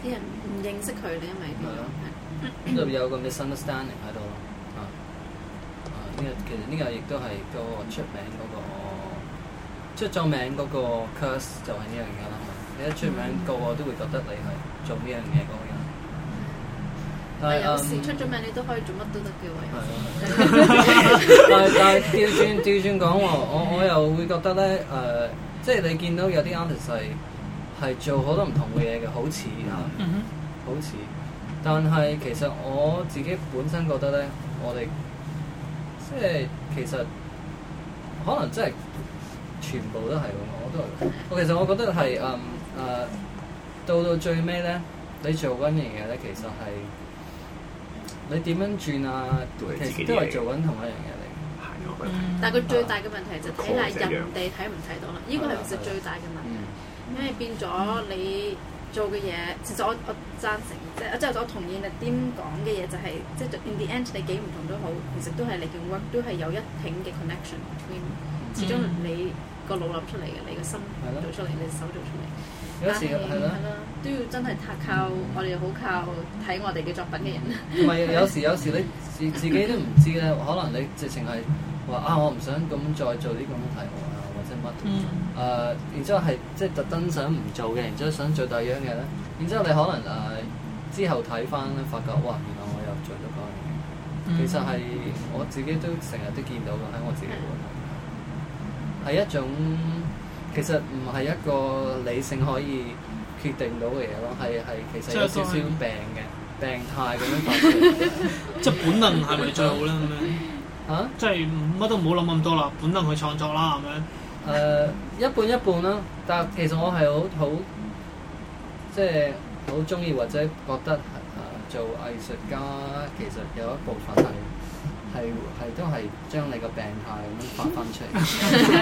啲人唔認識佢咧，咪係咯，都了 有咁嘅 misunderstanding 喺度咯，啊啊！呢個其實呢個亦都係個出名、嗰個出咗名個 curse 就係呢樣嘢啦，你、啊、一出名，嗯、個個都會覺得你係做呢樣嘢嘅。有啊！出咗名你都可以做乜都得嘅喎。係啊！ 但係但係掉轉掉轉講喎，我我又會覺得咧誒、呃，即係你見到有啲 under 細係做好多唔同嘅嘢嘅，好似啊，mm hmm. 好似。但係其實我自己本身覺得咧，我哋即係其實可能真係全部都係咁。我都，我其實我覺得係嗯誒、呃，到到最尾咧，你做温業嘅咧，其實係。你點樣轉啊？其實都係做緊同一樣嘢嚟。嗯、但係佢最大嘅問題就睇下人哋睇唔睇到啦。呢個係其實最大嘅問題。因為、嗯、變咗你做嘅嘢，嗯、其實我我贊成，嗯、即係即係我同意你點講嘅嘢，嗯、就係即係 In the end，你幾唔同都好，其實都係你嘅 work 都係有一挺嘅 connection between。始終你個腦諗出嚟嘅，你個心做出嚟，嗯、你手做出嚟。嗯有時係咯，啊、係咯都要真係靠我哋好靠睇我哋嘅作品嘅人、嗯。唔係，有時有時你自己自己都唔知嘅，可能你直情係話啊，我唔想咁再做啲咁嘅題目啊，或者乜？誒、嗯，然之後係即係特登想唔做嘅，然之後想做第二樣嘢咧。然之後你可能誒、啊、之後睇翻咧，發覺哇，原來我又做咗嗰樣嘢。其實係、嗯、我自己都成日都見到嘅，喺我自己嘅過程，係一種。其實唔係一個理性可以決定到嘅嘢咯，係係其實有少少，少病嘅病態咁樣講嘅，即係本能係咪最好咧咁樣？啊！即係乜都唔好諗咁多啦，本能去創作啦，咁樣？誒、uh, 一半一半啦，但係其實我係好好即係好中意或者覺得做藝術家其實有一部分係。係係都係將你個病態咁樣發翻出嚟。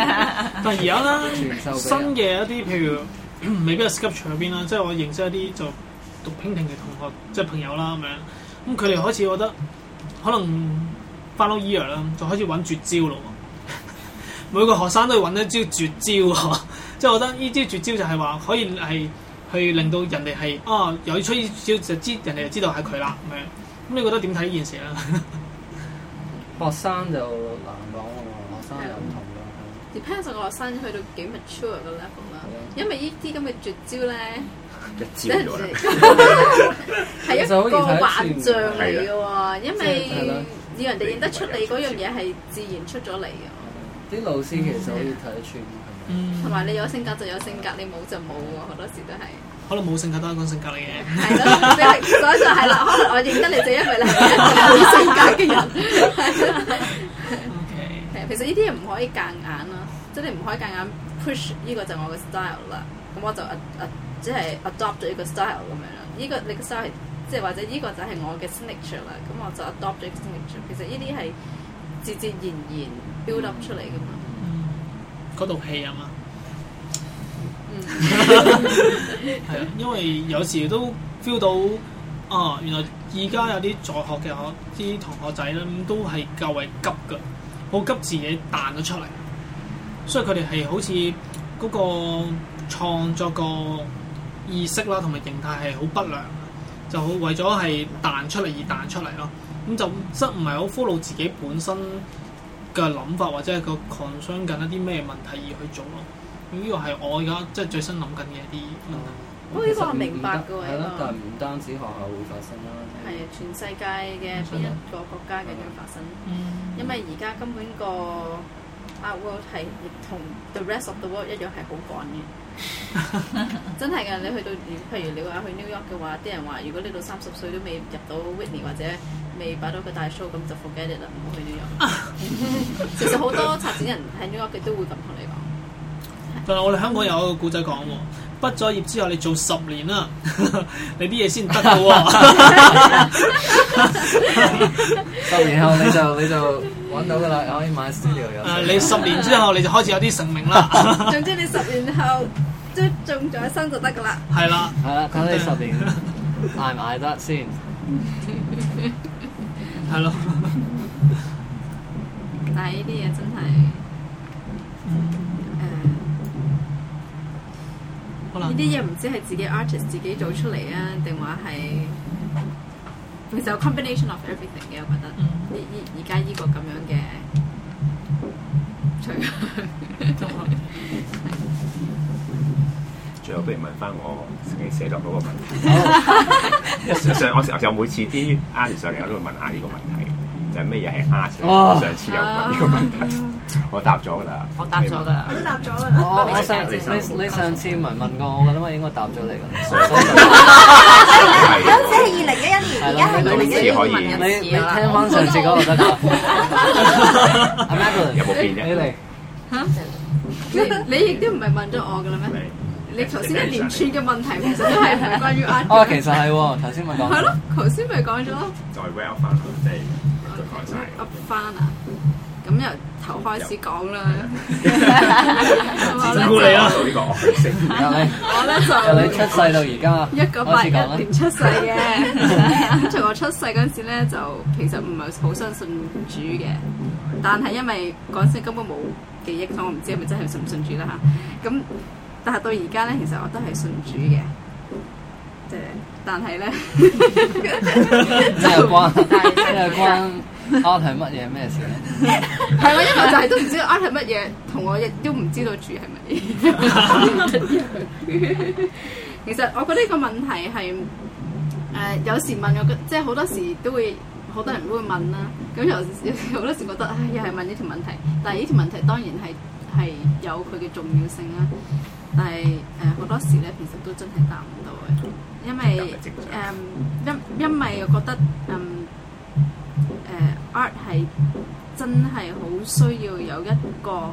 但而家咧，新嘅一啲，譬如未必係 sculpture 嗰邊啦，即係我認識一啲就讀鈴鈴嘅同學，即係朋友啦咁樣。咁佢哋開始覺得可能 final 啦， year, 就開始揾絕招咯。 每個學生都要揾一招絕招啊！ 即係我覺得呢招絕招就係話可以係去令到人哋係啊，有出招就知人哋就知道係佢啦咁樣。咁你覺得點睇呢件事咧？ 學生就難講啊嘛，學生又唔同㗎。Depends on 學生去到幾 mature 嘅 level 啦，吧因為呢啲咁嘅絕招咧，係 一， 一個幻象嚟嘅喎，吧因為要人哋認得出你嗰樣嘢係自然出咗嚟嘅。啲吧老師其實可以睇得出，同埋你有性格就有性格，吧你冇就冇喎，好多時都係。可能冇性格，都係講性格嚟嘅。係咯，係所以就係啦。可能我認得你，就因為你係一個有性格嘅人。OK。係，其實呢啲唔可以夾硬啦，即係你唔可以夾硬 push 呢個就係我嘅 style 啦。咁我就 ad a, a, 就 ad 即係 adopt 咗呢個 style 咁樣啦。呢個你個 style 即係或者呢個就係我嘅 signature 啦。咁我就 adopt 咗 signature。其實呢啲係自自然然 build up、嗯、出嚟嘅嘛。嗯，嗰套戲啊嘛。係啊， 因為有時都 feel 到啊，原來而家有啲在學嘅學啲同學仔咧，咁都係較為急嘅，好急自己彈咗出嚟，所以佢哋係好似嗰個創作個意識啦，同埋形態係好不良嘅，就為咗係彈出嚟而彈出嚟咯，咁就真唔係好 follow 自己本身嘅諗法或者係個 concern 緊一啲咩問題而去做咯。呢個係我而家即係最新諗緊嘅一啲問題。哦，呢個我明白嘅喎，但係唔單止學校會發生啦。係啊，全世界嘅邊一個國家緊緊發生？因為而家根本個 out world 係亦同 the rest of the world 一樣係好趕嘅。真係㗎！你去到，譬如你話去 New York 嘅話，啲人話如果你到三十歲都未入到 Whitney 或者未擺到個大 show，咁就 forget it 啦，唔好去 New York。其實好多策展人喺 New York 佢都會咁同你講。但我哋香港有個故仔講喎、嗯，畢咗業之後你做十年啦、啊嗯，你啲嘢先得嘅喎。十年後你就你就揾到嘅啦，可以買 studio 用、呃、你十年之後你就開始有啲成名啦。總之你十年後捉中咗一生就得嘅啦。係啦、yeah，係啦、yeah, right，睇你十年捱唔捱得先。係咯，但係呢啲嘢真係。呢啲嘢唔知係自己 artist 自己做出嚟啊，定話係其實有 combination of everything 嘅，我覺得呢呢。依依而家呢個咁樣嘅， 最後不如問返我自己寫作嗰個問題。上我成日每次啲 artist 上嚟，我都會問下呢個問題。就咩嘢係蝦？上次有問呢個問題，我答咗㗎啦。我答咗㗎，我都答咗啦。我上你你上次唔係問過我，我諗應該答咗你㗎。係。咁只係二零一一年。係咯，今次可以。你你聽翻上次嗰個得㗎。阿 Magdalen 有冇變㗎？你嚇？你你亦都唔係問咗我㗎啦咩？你頭先一連串嘅問題，其實都係唔係關於蝦？哦，其實係。頭先咪講。係咯，頭先咪講咗。在 Wellfare Day。up 翻啊！咁由頭開始講啦，辛苦你啦。我呢就由你出世到而家。一九八一年出世嘅，咁從我出世嗰陣時咧，就其實唔係好相信主嘅。但係因為嗰陣時根本冇記憶，所以我唔知係咪真係信唔信主啦吓。咁但係到而家咧，其實我都係信主嘅。對。但係咧，即係關，即係關 art 係乜嘢咩事咧？係啊，因為就係都唔知道 art 係乜嘢，同我亦都唔知道住係乜嘢。其實我覺得呢個問題係誒有時問我，即係好多時都會好多人都會問啦。咁有時好多時覺得又係問呢條問題，但係呢條問題當然係係有佢嘅重要性啦。但係誒。時咧，其實都真係答唔到嘅，因為誒，因、um, 因為我覺得嗯誒、um, uh,，art 係真係好需要有一個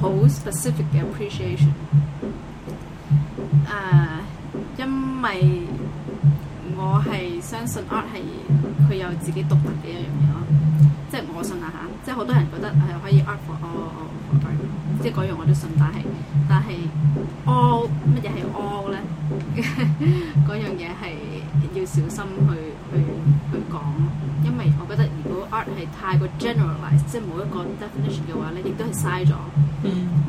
好 specific 嘅 appreciation，誒，uh, 因為我係相信 art 係佢有自己獨特嘅一樣嘢咯。即、就、係、是、我信啊嚇，即係好多人覺得係、啊、可以 art for 我我即係嗰樣我都信，但係但係 all 乜嘢係 all 咧？嗰 樣嘢係要小心去去去講，因為我覺得如果 art 係太過 generalized，即係冇一個 definition 嘅話咧，亦都係嘥咗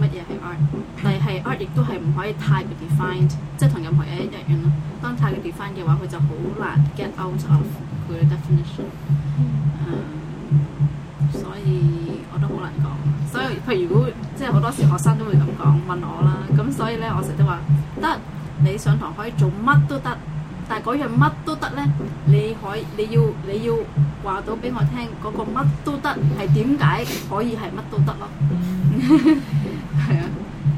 乜嘢係 art。但係 art 亦都係唔可以太過 defined，即係同任何一一樣咯。當太過 defined 嘅話，佢就好難 get out of 佢嘅 definition。學生都會咁講問我啦，咁所以咧我成日都話得你上堂可以做乜都得，但係嗰樣乜都得咧，你可以你要你要話到俾我聽嗰個乜都得係點解可以係乜都得咯？係啊，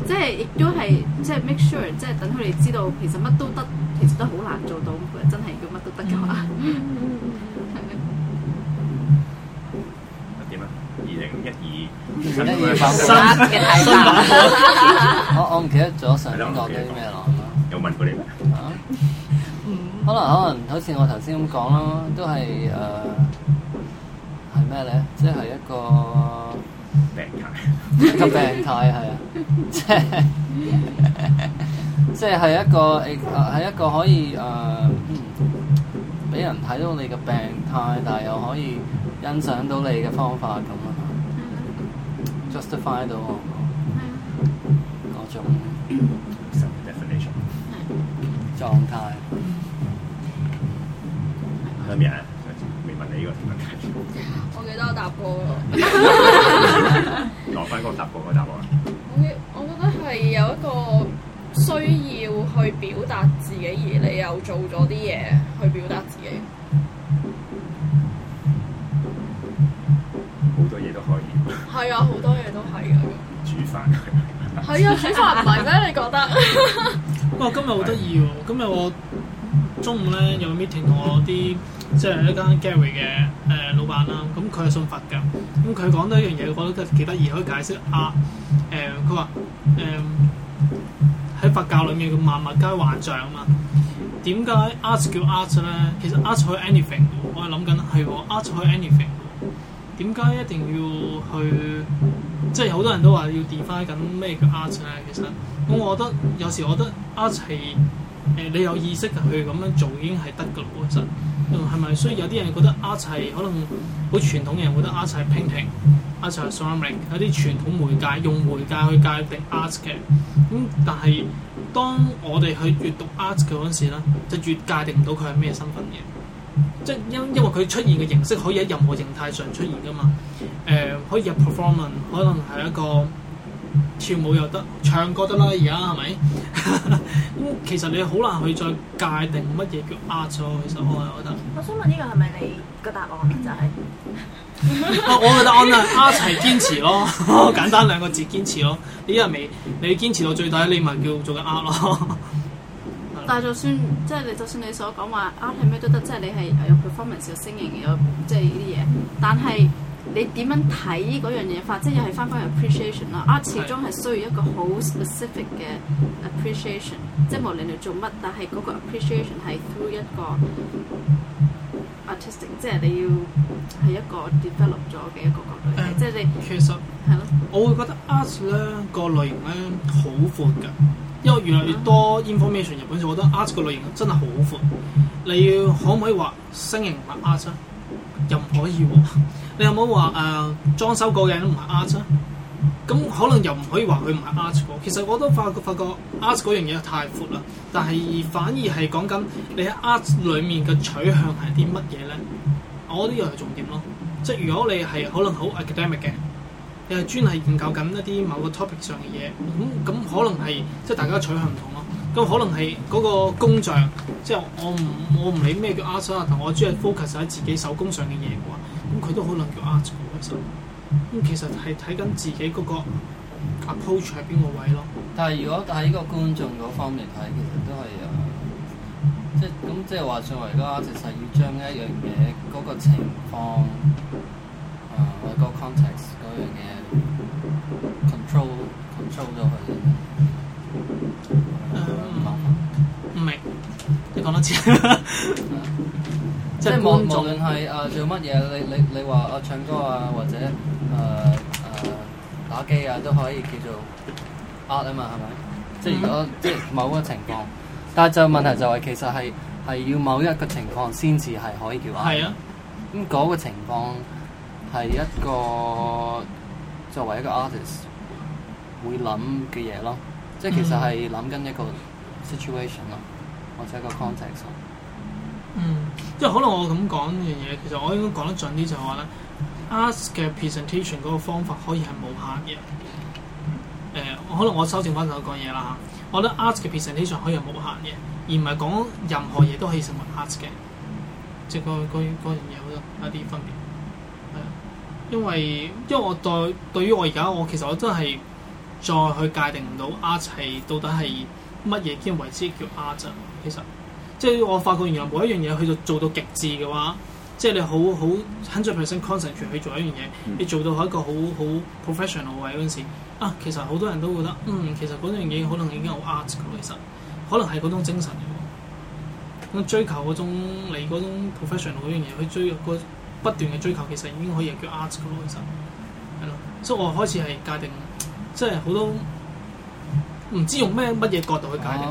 即係亦都係即係 make sure，即係等佢哋知道其實乜都得其實都好難做到，真係叫乜都得嘅話。得點啊？二零一二。一月八日嘅睇法。我我唔記得咗上一集講緊啲咩咯。有問過你咩？嗯，可能可能好似我頭先咁講咯，都係誒，係咩咧？即係一個病態，一個病態係啊，即係即係係一個誒，係一個可以誒，俾人睇到你嘅病態，但係又可以欣賞到你嘅方法咁啊。justify 到嗰種 definition 狀態。咩啊？未問你呢個問題。我記得我答過㗎喎。再翻工答過，我答過。我覺得係有一個需要去表達自己，而你又做咗啲嘢去表達自己。係啊，好多嘢都係煮飯 啊。煮飯係啊，煮飯唔係咩？你覺得？不 哇，今日好得意喎！今日我中午咧有 meeting 同我啲即係一間 Gary 嘅誒、呃、老闆啦，咁佢係信佛嘅。咁佢講到一樣嘢，我覺得都幾得意，可以解釋阿誒，佢話誒喺佛教裡面嘅萬物皆幻象啊嘛。點解 arts 叫 arts 咧？其實 arts are anything，我係諗緊係喎，arts are anything。點解一定要去？即係好多人都話要 define 緊咩叫 art 咧。其實，咁我覺得有時我覺得 art 係誒你有意識去咁樣做已經係得嘅咯。其實，嗯係咪？所以有啲人覺得 art 係可能好傳統嘅人覺得 art 係 painting，art 係 drawing，有啲傳統媒介用媒介去界定 art 嘅。咁但係當我哋去閱讀 art 嘅嗰陣時咧，就越界定唔到佢係咩身份嘅。即因因為佢出現嘅形式可以喺任何形態上出現噶嘛，誒、呃，可以入 performance，可能係一個跳舞又得，唱歌得啦，而家係咪？咁 其實你好難去再界定乜嘢叫 art，其實我係覺得。我想問呢個係咪你個答案？就係，我我覺得，我諗 art 係堅持咯，簡單兩個字堅持咯。你因為未你堅持到最大，你咪叫做緊 art 咯。 但係就算即係你，就是、就算你所講話啊係咩都得、就是，即係你係有 performance 有聲形有即係呢啲嘢，但係你點樣睇嗰樣嘢法，即係又係翻返去 appreciation 啦。啊，始終係需要一個好 specific 嘅 appreciation，的即係無論你做乜，但係嗰個 appreciation 係 through 一個 artistic，即係你要係一個 develop 咗嘅一個角度，即係你。其實係咯，的我會覺得 art 咧個類型咧好闊㗎。因為越嚟越多 information，日本就覺得 art 個類型真係好闊。你要可唔可以話新型唔係 art 啊？又唔可，可以喎。你有冇話誒裝修過嘅人都唔係 art 啊？咁可能又唔可以話佢唔係 art 喎。其實我都發覺發覺 art 嗰樣嘢太闊啦。但係反而係講緊你喺 art 裡面嘅取向係啲乜嘢咧？我覺得呢個係重點咯。即係如果你係可能好 academic 嘅。又係專係研究緊一啲某個 topic 上嘅嘢，咁咁可能係即係大家取向唔同咯。咁可能係嗰個工匠，即係我唔我唔理咩叫 artisan，我主要 focus 喺自己手工上嘅嘢嘅話，咁佢都可能叫 artisan。咁其實係睇緊自己嗰個 approach 喺邊個位咯。但係如果但係喺個觀眾嗰方面睇，其實都係啊，即係咁即係話作為個 artisan，要將一樣嘢嗰個情況啊外國 context 嗰樣嘢。control control 咗佢。唔、um, 吧明，你講多次。即係無論係誒、uh，做乜嘢，你你你話啊、uh，唱歌啊或者誒誒、uh, uh，打機啊都可以叫做 art 啊嘛係咪？即係是如果、嗯、即係某個情況，但係就問題就係其實係係、嗯、要某一個情況先至係可以叫 art。係啊，咁嗰個情況係一個作為一個 artist。會諗嘅嘢咯，即係其實係諗緊一個 situation 咯，嗯、或者一個 context。嗯，即係可能我咁講樣嘢，其實我應該講得準啲就係話咧，art 嘅 presentation 嗰個方法可以係無限嘅。誒、呃，可能我修正翻頭講嘢啦嚇。我覺得 art 嘅 presentation 可以係無限嘅，而唔係講任何嘢都可以成為 art 嘅。即係、嗰個樣嘢好多一啲分別。係、嗯、啊，因為因為我對對於我而家我其實我真係。再去界定唔到 art 係到底係乜嘢兼為之叫 art 啫。其實即係我發覺原來每一樣嘢，去就做到極致嘅話，即係你好好 hundred percent concentrate 去做一樣嘢，你做到一個好好 professional 位嗰陣時，啊，其實好多人都覺得嗯，其實嗰樣嘢可能已經好 art 嘅咯。其實可能係嗰種精神咁追求嗰種你嗰種 professional 嗰樣嘢，去追嗰、嗰個、不斷嘅追求，其實已經可以叫 art 嘅咯。其實係咯，所以我開始係界定。即係好多唔知用咩乜嘢角度去解釋。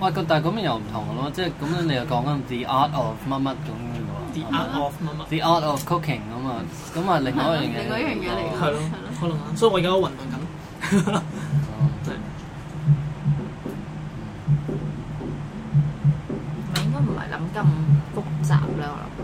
哇！咁但係咁樣又唔同咯，即係咁樣你又講緊 the art of 啊乜乜咁嘅喎。the art of 啊乜乜。the art of cooking 咁啊，咁啊另外一樣嘢嚟嘅。係咯係咯。所以我而家混沌緊。唔係應該唔係諗咁複雜啦。我諗。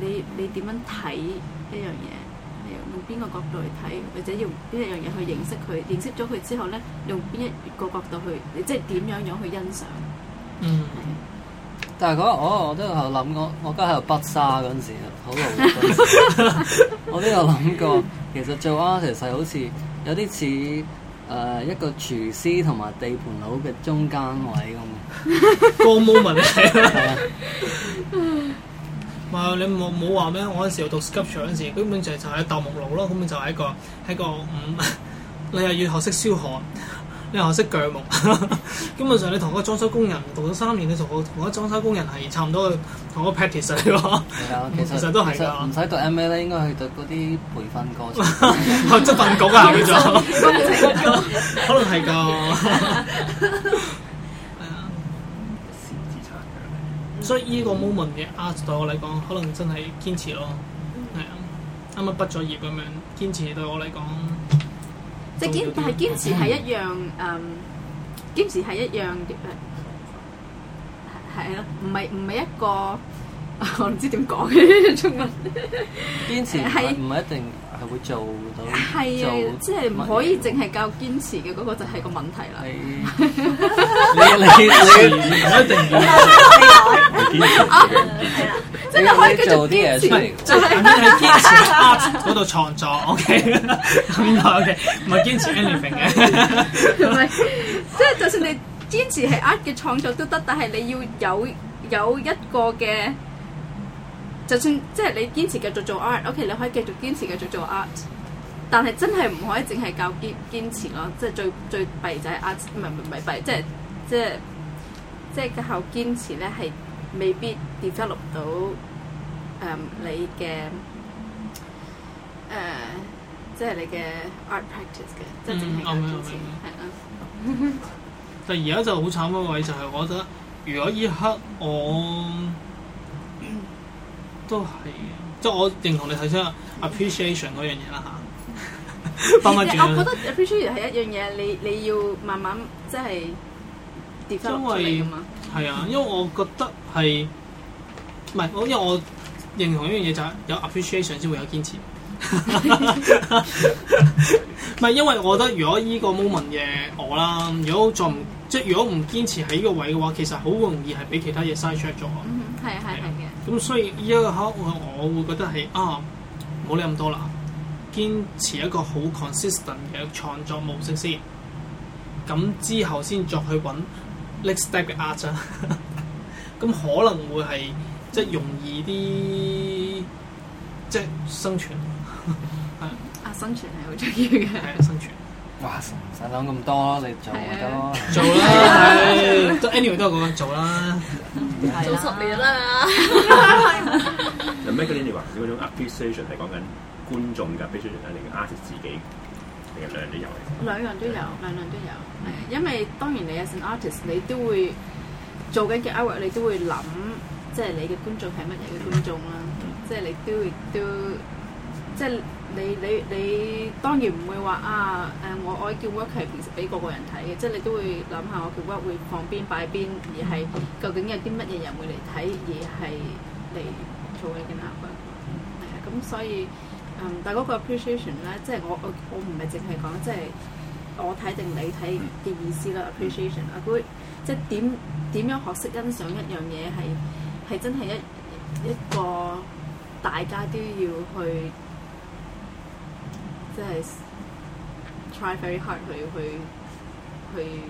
你你點樣睇一樣嘢？用邊個角度去睇？或者用邊一樣嘢去認識佢？認識咗佢之後咧，用邊一個角度去？你即係點樣樣去欣賞？嗯。的但係嗰日，哦，我都喺度諗，我我家喺度北沙嗰陣時，好老實。 我都有諗過，其實做 artist 係好似有啲似誒一個廚師同埋地盤佬嘅中間位咁。個冇問題你冇冇話咩？我嗰時讀 sculpture 嗰時，根本就本就係鬥木奴咯，根本就係一個一個五，你又要學識燒焊，你又要學識鋸木。根 本上你同個裝修工人讀咗三年，你同個同個裝修工人係差唔多同 practice、啊，同個 p r a c t i c e r 咯。其實都係唔使讀 MA 咧，應該去讀嗰啲培訓課程。我職訓局啊，叫做。可能係是㗎。 所以呢個 moment 嘅 art 啊，對我嚟講，可能真係堅持咯，係啊、嗯，啱啱畢咗業咁樣，堅持對我嚟講，即係堅但係堅持係一樣誒、嗯嗯，堅持係一樣嘅，係咯，唔係唔係一個，我唔知點講，中文堅持唔係唔係一定 是。係會做到，係啊，即係唔可以淨係靠堅持嘅嗰個就係個問題啦。你你你唔可以淨堅持即係可以做啲嘢出嚟，即係堅持 art 嗰度創作。OK，咁耐 OK，唔係堅持 living 嘅，唔係即係就算你堅持係 art 嘅創作都得，但係你要有有一個嘅。就算即係你堅持繼續做 art，OK，okay，你可以繼續堅持繼續做 art，但係真係唔可以淨係靠堅堅持咯，即係最最弊就係 art，唔係唔係弊，即係即係即係靠堅持咧係未必 develop 到誒、um，你嘅誒，uh，即係你嘅 art practice 嘅，即係淨係靠堅持，係啊。但而家就好慘嘅位就係、是，我覺得如果依刻我。都係，即係我認同你提出 appreciation 嗰、嗯、樣嘢啦嚇。我覺得 appreciation 係一樣嘢，你你要慢慢即係跌翻出嚟㗎嘛。係啊、就是，因為我覺得係唔係我因為我認同一樣嘢就係有 appreciation 先會有堅持。唔係 因為我覺得如果依個 moment 嘅我啦，如果再唔即係如果唔堅持喺呢個位嘅話，其實好容易係俾其他嘢嘥咗。嗯係係係嘅，咁所以依一個刻，我我會覺得係啊，冇理咁多啦，堅持一個好 consistent 嘅創作模式先，咁之後先再去揾 next step 嘅 art 啊，咁可能會係即係容易啲，即係生存，呵呵啊生存係好重要嘅，係生存。哇！唔使諗咁多咯，你做咪得咯？做啦，係，都 anyway 都係咁樣做啦。做十年啦。嗱，Michael，你話你嗰種 appreciation 係講緊觀眾㗎，appreciation 定係 artist 自己定係兩樣都有？兩樣都有，係兩樣都有。係，因為當然你係成 artist，你都會做緊嘅 work，你都會諗，即係你嘅觀眾係乜嘢嘅觀眾啦。即係你都會都即係。你你你當然唔會話啊誒，我我叫 Work 係平時俾個個人睇嘅，即係你都會諗下我叫 Work、er、會放邊擺邊，而係究竟有啲乜嘢人會嚟睇，而係嚟做呢件嘢。係、嗯、啊，咁所以嗯，但係嗰個 appreciation 咧，即係我我我唔係淨係講即係我睇定你睇嘅意思啦。嗯、appreciation 啊，即係點點樣學識欣賞一樣嘢係係真係一一個大家都要去。即係 try very hard 佢要去去，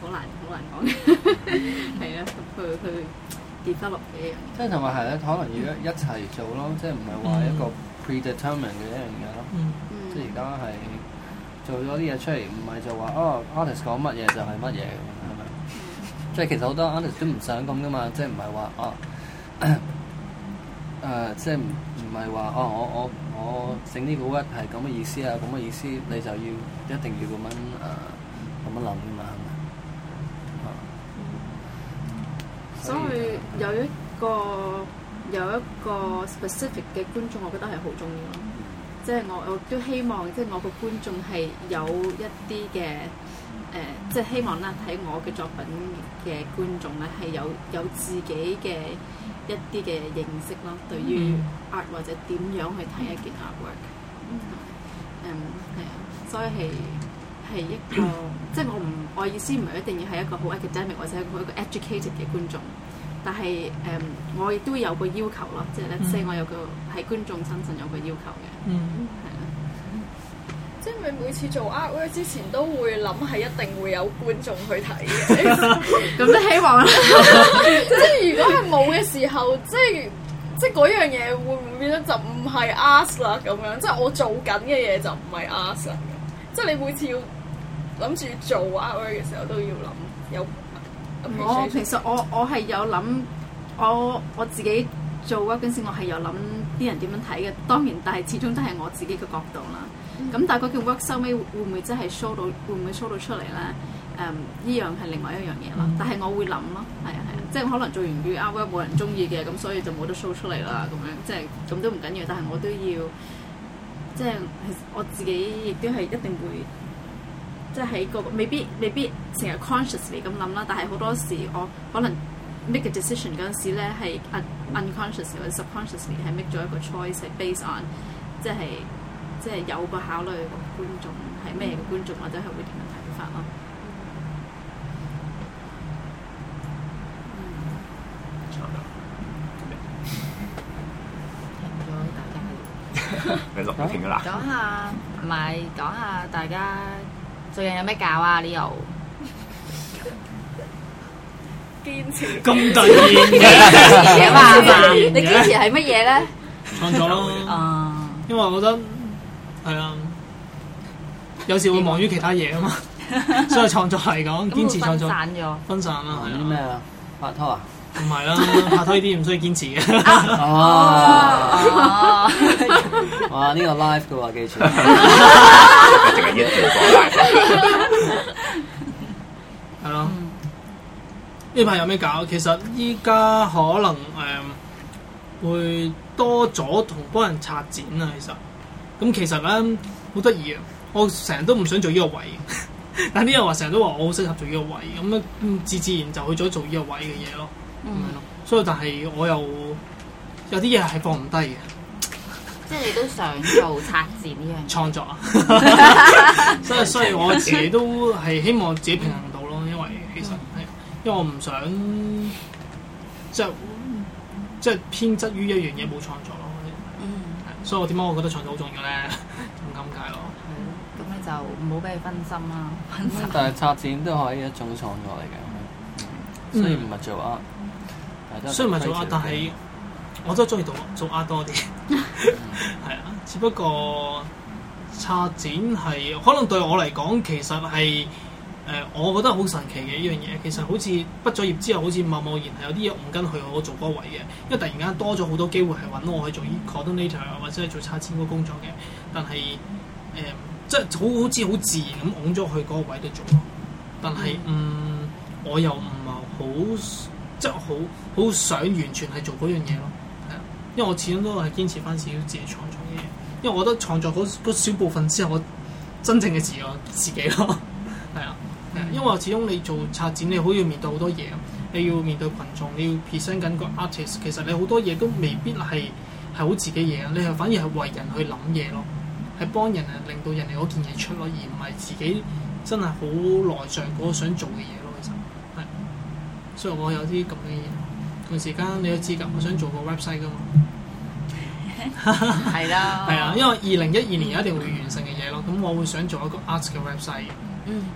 好難好難講，係啊，去去跌返落嘢。即係同埋係咧，可能要一一齊做咯，即係唔係話一個 pre-determined 嘅一樣嘢咯。嗯、即係而家係做咗啲嘢出嚟，唔係就話哦 artist 講乜嘢就係乜嘢，係咪？即係其實好多 artist 都唔想咁噶嘛，即係唔係話哦。即係唔唔係話哦，我我我整呢個 work 係咁嘅意思啊，咁嘅意思，意思你就要一定要咁樣啊，咁、呃、樣諗啊。啊、嗯。所以，所以有一個有一個 specific 嘅觀眾，我覺得係好重要咯。即係、嗯、我我都希望，即、就、係、是、我個觀眾係有一啲嘅誒，即、呃、係、就是、希望咧睇我嘅作品嘅觀眾咧係有有自己嘅一啲嘅認識咯，對於 art 或者點樣去睇一件 artwork，嗯，嗯、mm，啊、hmm.，um, yeah, 所以係係一個， 即係我唔，我意思唔係一定要係一個好 academic 或者係一個一個 educated 嘅觀眾，但係誒，um, 我亦都有個要求咯，即係咧，所以、mm hmm. 我有個喺觀眾身上有個要求嘅，嗯、mm。Hmm. 因你每次做 artwork 之前，都會諗係一定會有觀眾去睇嘅，咁即希望即係如果係冇嘅時候，即係即係嗰樣嘢會唔會變咗就唔係 art 啦咁樣？即係我做緊嘅嘢就唔係 art 啦。即係你每次要諗住做 artwork 嘅時候，都要諗有。我其實 我我係有諗，我我，我自己做 artwork 我係有諗啲人點樣睇嘅。當然，但係始終都係我自己嘅角度啦。咁、嗯、但係嗰件 work 收尾會唔會真係 show 到，會唔會 show 到出嚟咧？誒，依樣係另外一樣嘢啦。但係我會諗咯，係啊係啊，即係可能做完嘅 work 冇人中意嘅，咁所以就冇得 show 出嚟啦。咁樣即係，咁都唔緊要，但係我都要，即係我自己亦都係一定會，即係喺個，個未必未必成日 consciously 咁諗啦。但係好多時我可能 make a decision 嗰陣時咧係 un, unconscious 或者 subconsciously 係 make 咗一個 choice 係 based on，即係。即係有個考慮個觀眾係咩嘅觀眾，或者係會點樣睇法咯？停咗大家，你錄緊停㗎啦！講下唔係講下大家最近有咩搞啊？你又堅持咁對你堅持啊嘛？你堅持係乜嘢咧？創作咯，因為我覺得。係啊，有時會忙於其他嘢啊嘛，所以創作係噉，堅持創作分散咗，分散啦。係咩啊？拍拖啊？唔係啦，拍拖呢啲唔需要堅持嘅。哦，哇！呢個 live 嘅話，記住，係咯？呢排有咩搞？其實依家可能誒會多咗同幫人拆剪啊，其實。咁其實咧好得意啊！我成日都唔想做呢個位，但啲人話成日都話我好適合做呢個位，咁樣自自然就去咗做呢個位嘅嘢咯，咁樣咯。所以但係我又有啲嘢係放唔低嘅，即係你都想做策展呢樣創作啊！ 所以 所以我自己都係希望自己平衡到咯，因為其實係因為我唔想即係即係偏執於一樣嘢冇創作。所以我點解我覺得創作好重要咧？咁尷尬咯。咁、嗯、你就唔好俾佢分心啦、啊。分心。但係策展都可以一種創作嚟嘅，嗯嗯、雖然唔係做 art，雖然唔係做 art，但係我都中意做做 art 多啲。係、 嗯、 啊，只不過策展係可能對我嚟講，其實係。誒、呃，我覺得好神奇嘅一樣嘢，其實好似畢咗業之後，好似貿貿然係有啲嘢唔跟去我做嗰個位嘅，因為突然間多咗好多機會係揾我去做 coordinator 或者係做策展嗰個工作嘅，但係誒、呃，即係好好似好自然咁揾咗去嗰個位度做咯，但係嗯，我又唔係好即係好好想完全係做嗰樣嘢咯，係啊，因為我始終都係堅持翻少少自己創作啲嘢，因為我覺得創作嗰少部分之後，我真正嘅自我自己咯。因為始終你做策展，你好要面對好多嘢，你要面對群眾，你要 present 緊個 artist。其實你好多嘢都未必係係好自己嘢，你係反而係為人去諗嘢咯，係幫人啊，令到人哋嗰件嘢出咯，而唔係自己真係好內在嗰個想做嘅嘢咯。其實係，所以我有啲咁嘅嘢。有時間你有資格，我想做個 website 噶嘛。係 啦， 係啊的，因為二零一二年一定會完成嘅嘢咯。咁我會想做一個 artist 嘅 website。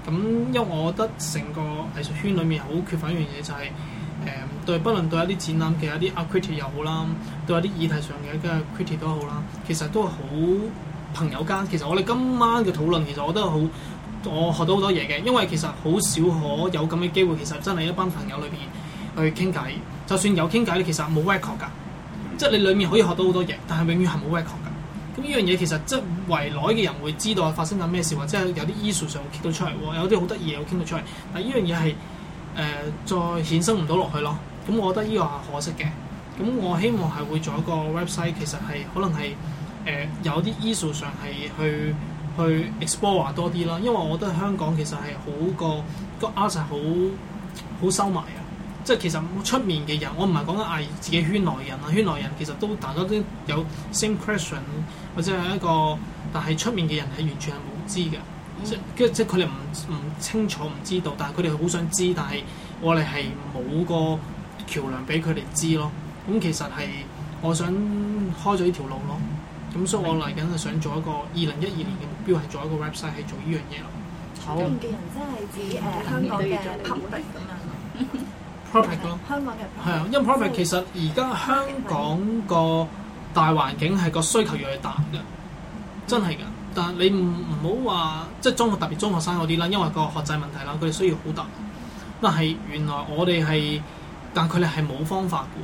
咁、嗯、因為我覺得成個藝術圈裏面好缺乏一樣嘢，就是，就係誒對，不論對一啲展覽，其實一啲 critic 又好啦，對一啲議題上嘅一個 critic 都好啦，其實都係好朋友間。其實我哋今晚嘅討論，其實我都好，我學到好多嘢嘅。因為其實好少可有咁嘅機會，其實真係一班朋友裏邊去傾偈。就算有傾偈，其實冇 record 噶，即係你裏面可以學到好多嘢，但係永遠係冇 record。咁呢樣嘢其實即係圍內嘅人會知道發生緊咩事，或者係有啲 issue 上會傾到出嚟，有啲好得意嘢傾到出嚟。但係呢樣嘢係誒再衍生唔到落去咯。咁、嗯、我覺得呢個係可惜嘅。咁、嗯、我希望係會做一個 website，其實係可能係誒、呃、有啲 issue 上係去去 explore 多啲啦。因為我覺得香港其實係好個個 artist 好好收埋啊。即係其實出面嘅人，我唔係講緊嗌自己圈內人啊，圈內人其實都大多都有 same question，或者係一個，但係出面嘅人係完全係冇知嘅、嗯，即係即係佢哋唔唔清楚唔知道，但係佢哋好想知，但係我哋係冇個橋梁俾佢哋知咯。咁、嗯、其實係我想開咗呢條路咯。咁所以我嚟緊係想做一個二零一二年嘅目標係做一個 website 係做呢樣嘢咯。出面嘅人即係指誒、呃、香港嘅拍門嘅嘛。 property 香港嘅係啊，因為 property 其實而家香港個大環境係個需求越嚟越大嘅，真係㗎。但係你唔唔好話，即係中學特別中學生嗰啲啦，因為個學制問題啦，佢哋需要好大。但係原來我哋係，但佢哋係冇方法嘅。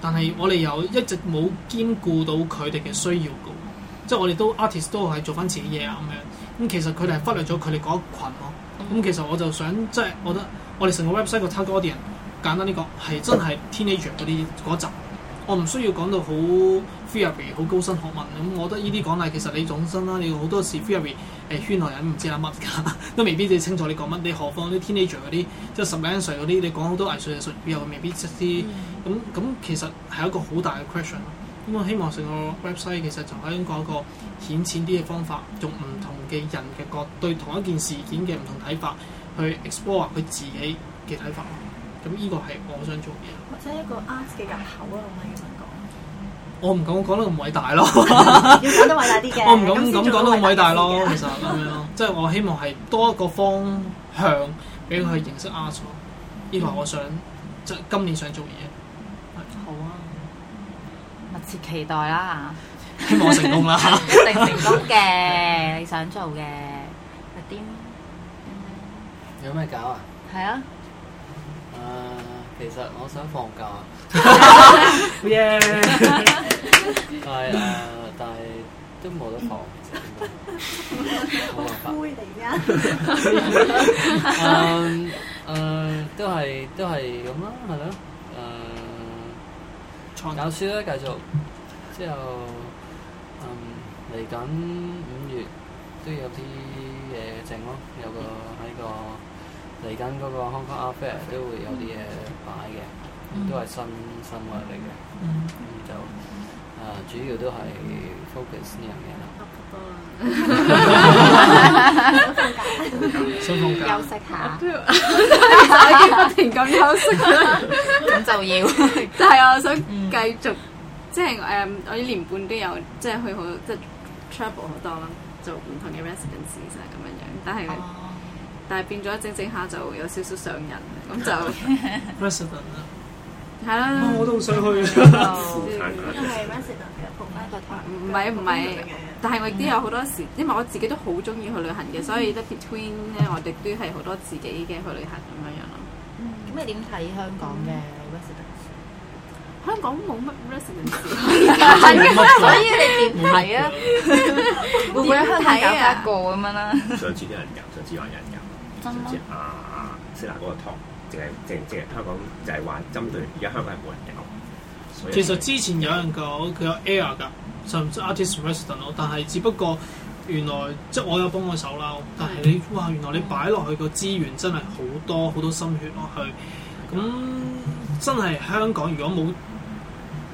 但係我哋又一直冇兼顧到佢哋嘅需要嘅，即係我哋都 artist 都係做翻自己嘢啊咁樣。咁、嗯、其實佢哋係忽略咗佢哋嗰一群咯。咁、嗯、其實我就想即係，我覺得我哋成個 website 個 target a 簡單啲講，係真係 teenager 嗰啲嗰集，我唔需要講到好 theory 好高深學問咁。我覺得呢啲講例其實你總身啦，你好多時 theory 誒圈內人唔知阿乜噶，都未必你清楚你講乜。你何況啲 teenager 嗰啲，即係十零歲嗰啲，你講好多藝術藝術又未必識啲咁咁。嗯、其實係一個好大嘅 question。咁我希望成個 website 其實就可以講一個顯淺啲嘅方法，用唔同嘅人嘅角對同一件事件嘅唔同睇法去 explore 佢自己嘅睇法。咁依個係我想做嘢，或者一個 art 嘅入口咯，我係咁講。我唔講，我講得咁偉大咯，要講得偉大啲嘅。我唔敢咁講得咁偉大咯，其實咁樣，即係我希望係多一個方向俾佢認識 art。依個我想，即係今年想做嘢。好啊，密切期待啦，希望我成功啦，一定成功嘅，你想做嘅阿 Dean，有咩搞啊？係啊。啊，uh, 其實我想放假，係啊，但係都冇得放，冇辦法。都係都係咁啦，係咯，誒，教書啦，繼續之後，嚟緊五月都有啲嘢整咯，有個喺、嗯、個。嚟緊嗰個 Hong Kong Affair 都會有啲嘢擺嘅，都係新新物嚟嘅，嗯就啊、呃、主要都係 focus 呢樣嘢咯。休息啊！休息下，不停前咁休息，咁 就要，就係、是、 我想繼續，即係誒，um, 我呢年半都有，即、就、係、是、去好，即、就、係、是、travel 好多咯，做唔同嘅 residences 啊咁樣樣，但係。Oh. 但係變咗整整下就有少少上癮，咁就。residency 啦。係啦。我都好想去啊。residency 嘅國唔係唔係，但係我亦都有好多時，因為我自己都好中意去旅行嘅，所以得 between 咧我哋都係好多自己嘅去旅行咁樣樣咯。嗯，咁你點睇香港嘅 residency 香港冇乜 residency 啊，所以你唔係啊，會唔會喺香港搞翻一個咁樣啦？上次啲人搞，上次啲人。甚至啊，西蘭嗰個託，淨係淨淨係香港，就係話針對。而家香港係冇人有。所以其實之前有人講佢有 Air 㗎，甚至 Artist Residency 但係只不過原來即係我有幫佢手啦。但係你、嗯、哇，原來你擺落去個資源真係好多好多心血落去。咁的真係香港，如果冇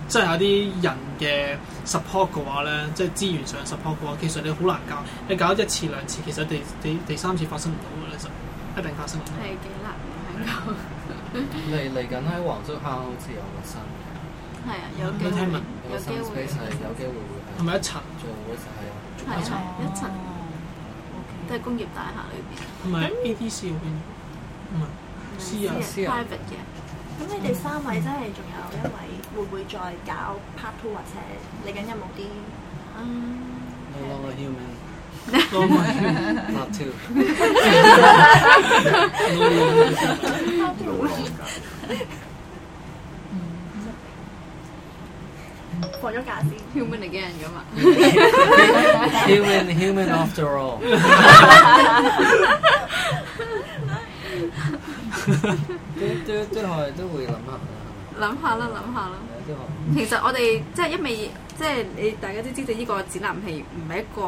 即係有啲人嘅 support 嘅話咧，即係資源上 support 嘅話，其實你好難搞。你搞一次兩次，其實第第第三次發生唔到嘅咧。一定發生。係幾難揾到。嚟嚟緊喺黃竹坑好似有個新。係啊，有機會。其實，有機會會。係咪一層？仲會係一層。係啊，一層。O K，都係工業大廈裏面。係咪 A D C 嗰邊？唔係。私營私營。Private 嘅。咁你哋三位真係仲有一位，會唔會再搞 Part Two 或者嚟緊有冇啲？嗯。not too 放咗假先，human again 㗎嘛？human human after all。都都都係都會諗下諗下啦，諗下啦。其實我哋即係因為即係你大家都知，知呢個展覽係唔係一個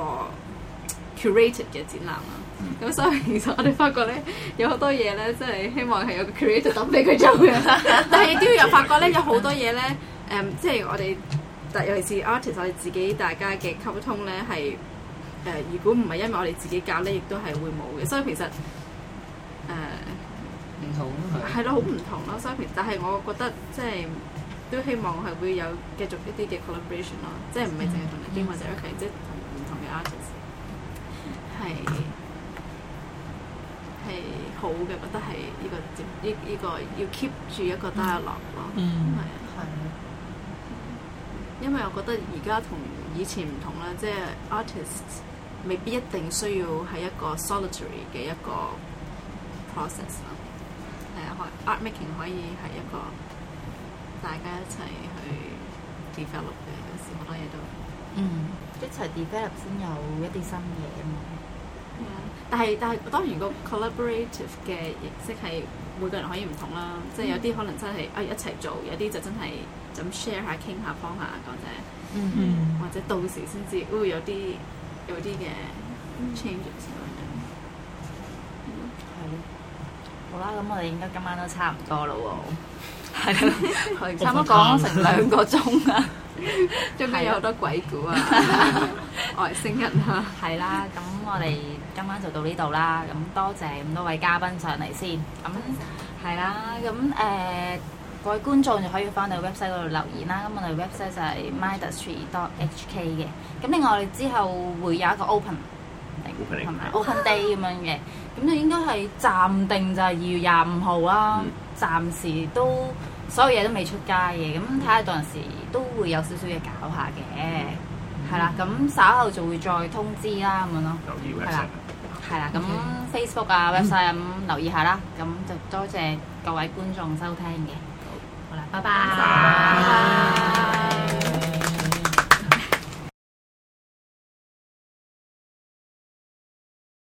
curated 嘅展覽啦，咁 所以其實我哋發覺咧有好多嘢咧，即係希望係有個 curator 揼俾佢做嘅。 但係都要又發覺咧，有好多嘢咧，誒、嗯、即係我哋尤其是 artist，我哋自己大家嘅溝通咧係誒，如果唔係因為我哋自己搞咧，亦都係會冇嘅。所以其實誒唔、呃、同咯，咯是，好唔是同咯。所以但係我覺得即係都希望係會有繼續一啲嘅 collaboration 咯，嗯嗯、即係唔係係淨係同你傾或者屋企，即係唔同嘅 artist。係，係好嘅，覺得係呢、呢個呢呢、呢個、呢個、要 keep 住一個 dialog 咯，係啊，因為我覺得而家同以前唔同啦，即係 artist 未必一定需要喺一個 solitary 嘅一個 process 係係啊，art making 可以係一個大家一齊去 develop 嘅，有時好多嘢都嗯一齊 develop 先有一啲新嘢啊嘛。但係，但係當然個 collaborative 嘅形式係每個人可以唔同啦。即、hmm. 係有啲可能真係啊一齊做，有啲就真係咁 share 下、傾下、方下講啫。嗯、hmm. 或者到時先知會有會有、mm，哦、hmm. 有啲有啲嘅 changes 咁樣。嗯，好啦、啊，咁我哋應該今晚都差唔多啦喎、哦。係咯，佢差唔多講成兩個鐘啊，仲有好多鬼故啊，外星人啊。係啦，咁我哋。今晚就到呢度啦，咁多謝咁多位嘉賓上嚟先，咁係啦，咁誒、嗯啊呃、各位觀眾就可以翻到 website 嗰度留言啦，咁我哋 website 就係 mydistrict.hk 嘅，咁另外我哋之後會有一個 open 定係咪、嗯、open day 咁樣嘅，咁就應該係暫定就係二月廿五號啦，嗯、暫時都所有嘢都未出街嘅，咁睇下到陣時都會有少少嘢搞下嘅，係啦、嗯，咁、啊、稍後就會再通知啦咁樣咯，係啦、啊。係啦，咁 Facebook 啊、website 咁留意下啦，咁就多謝各位觀眾收聽嘅。好，好啦，拜拜。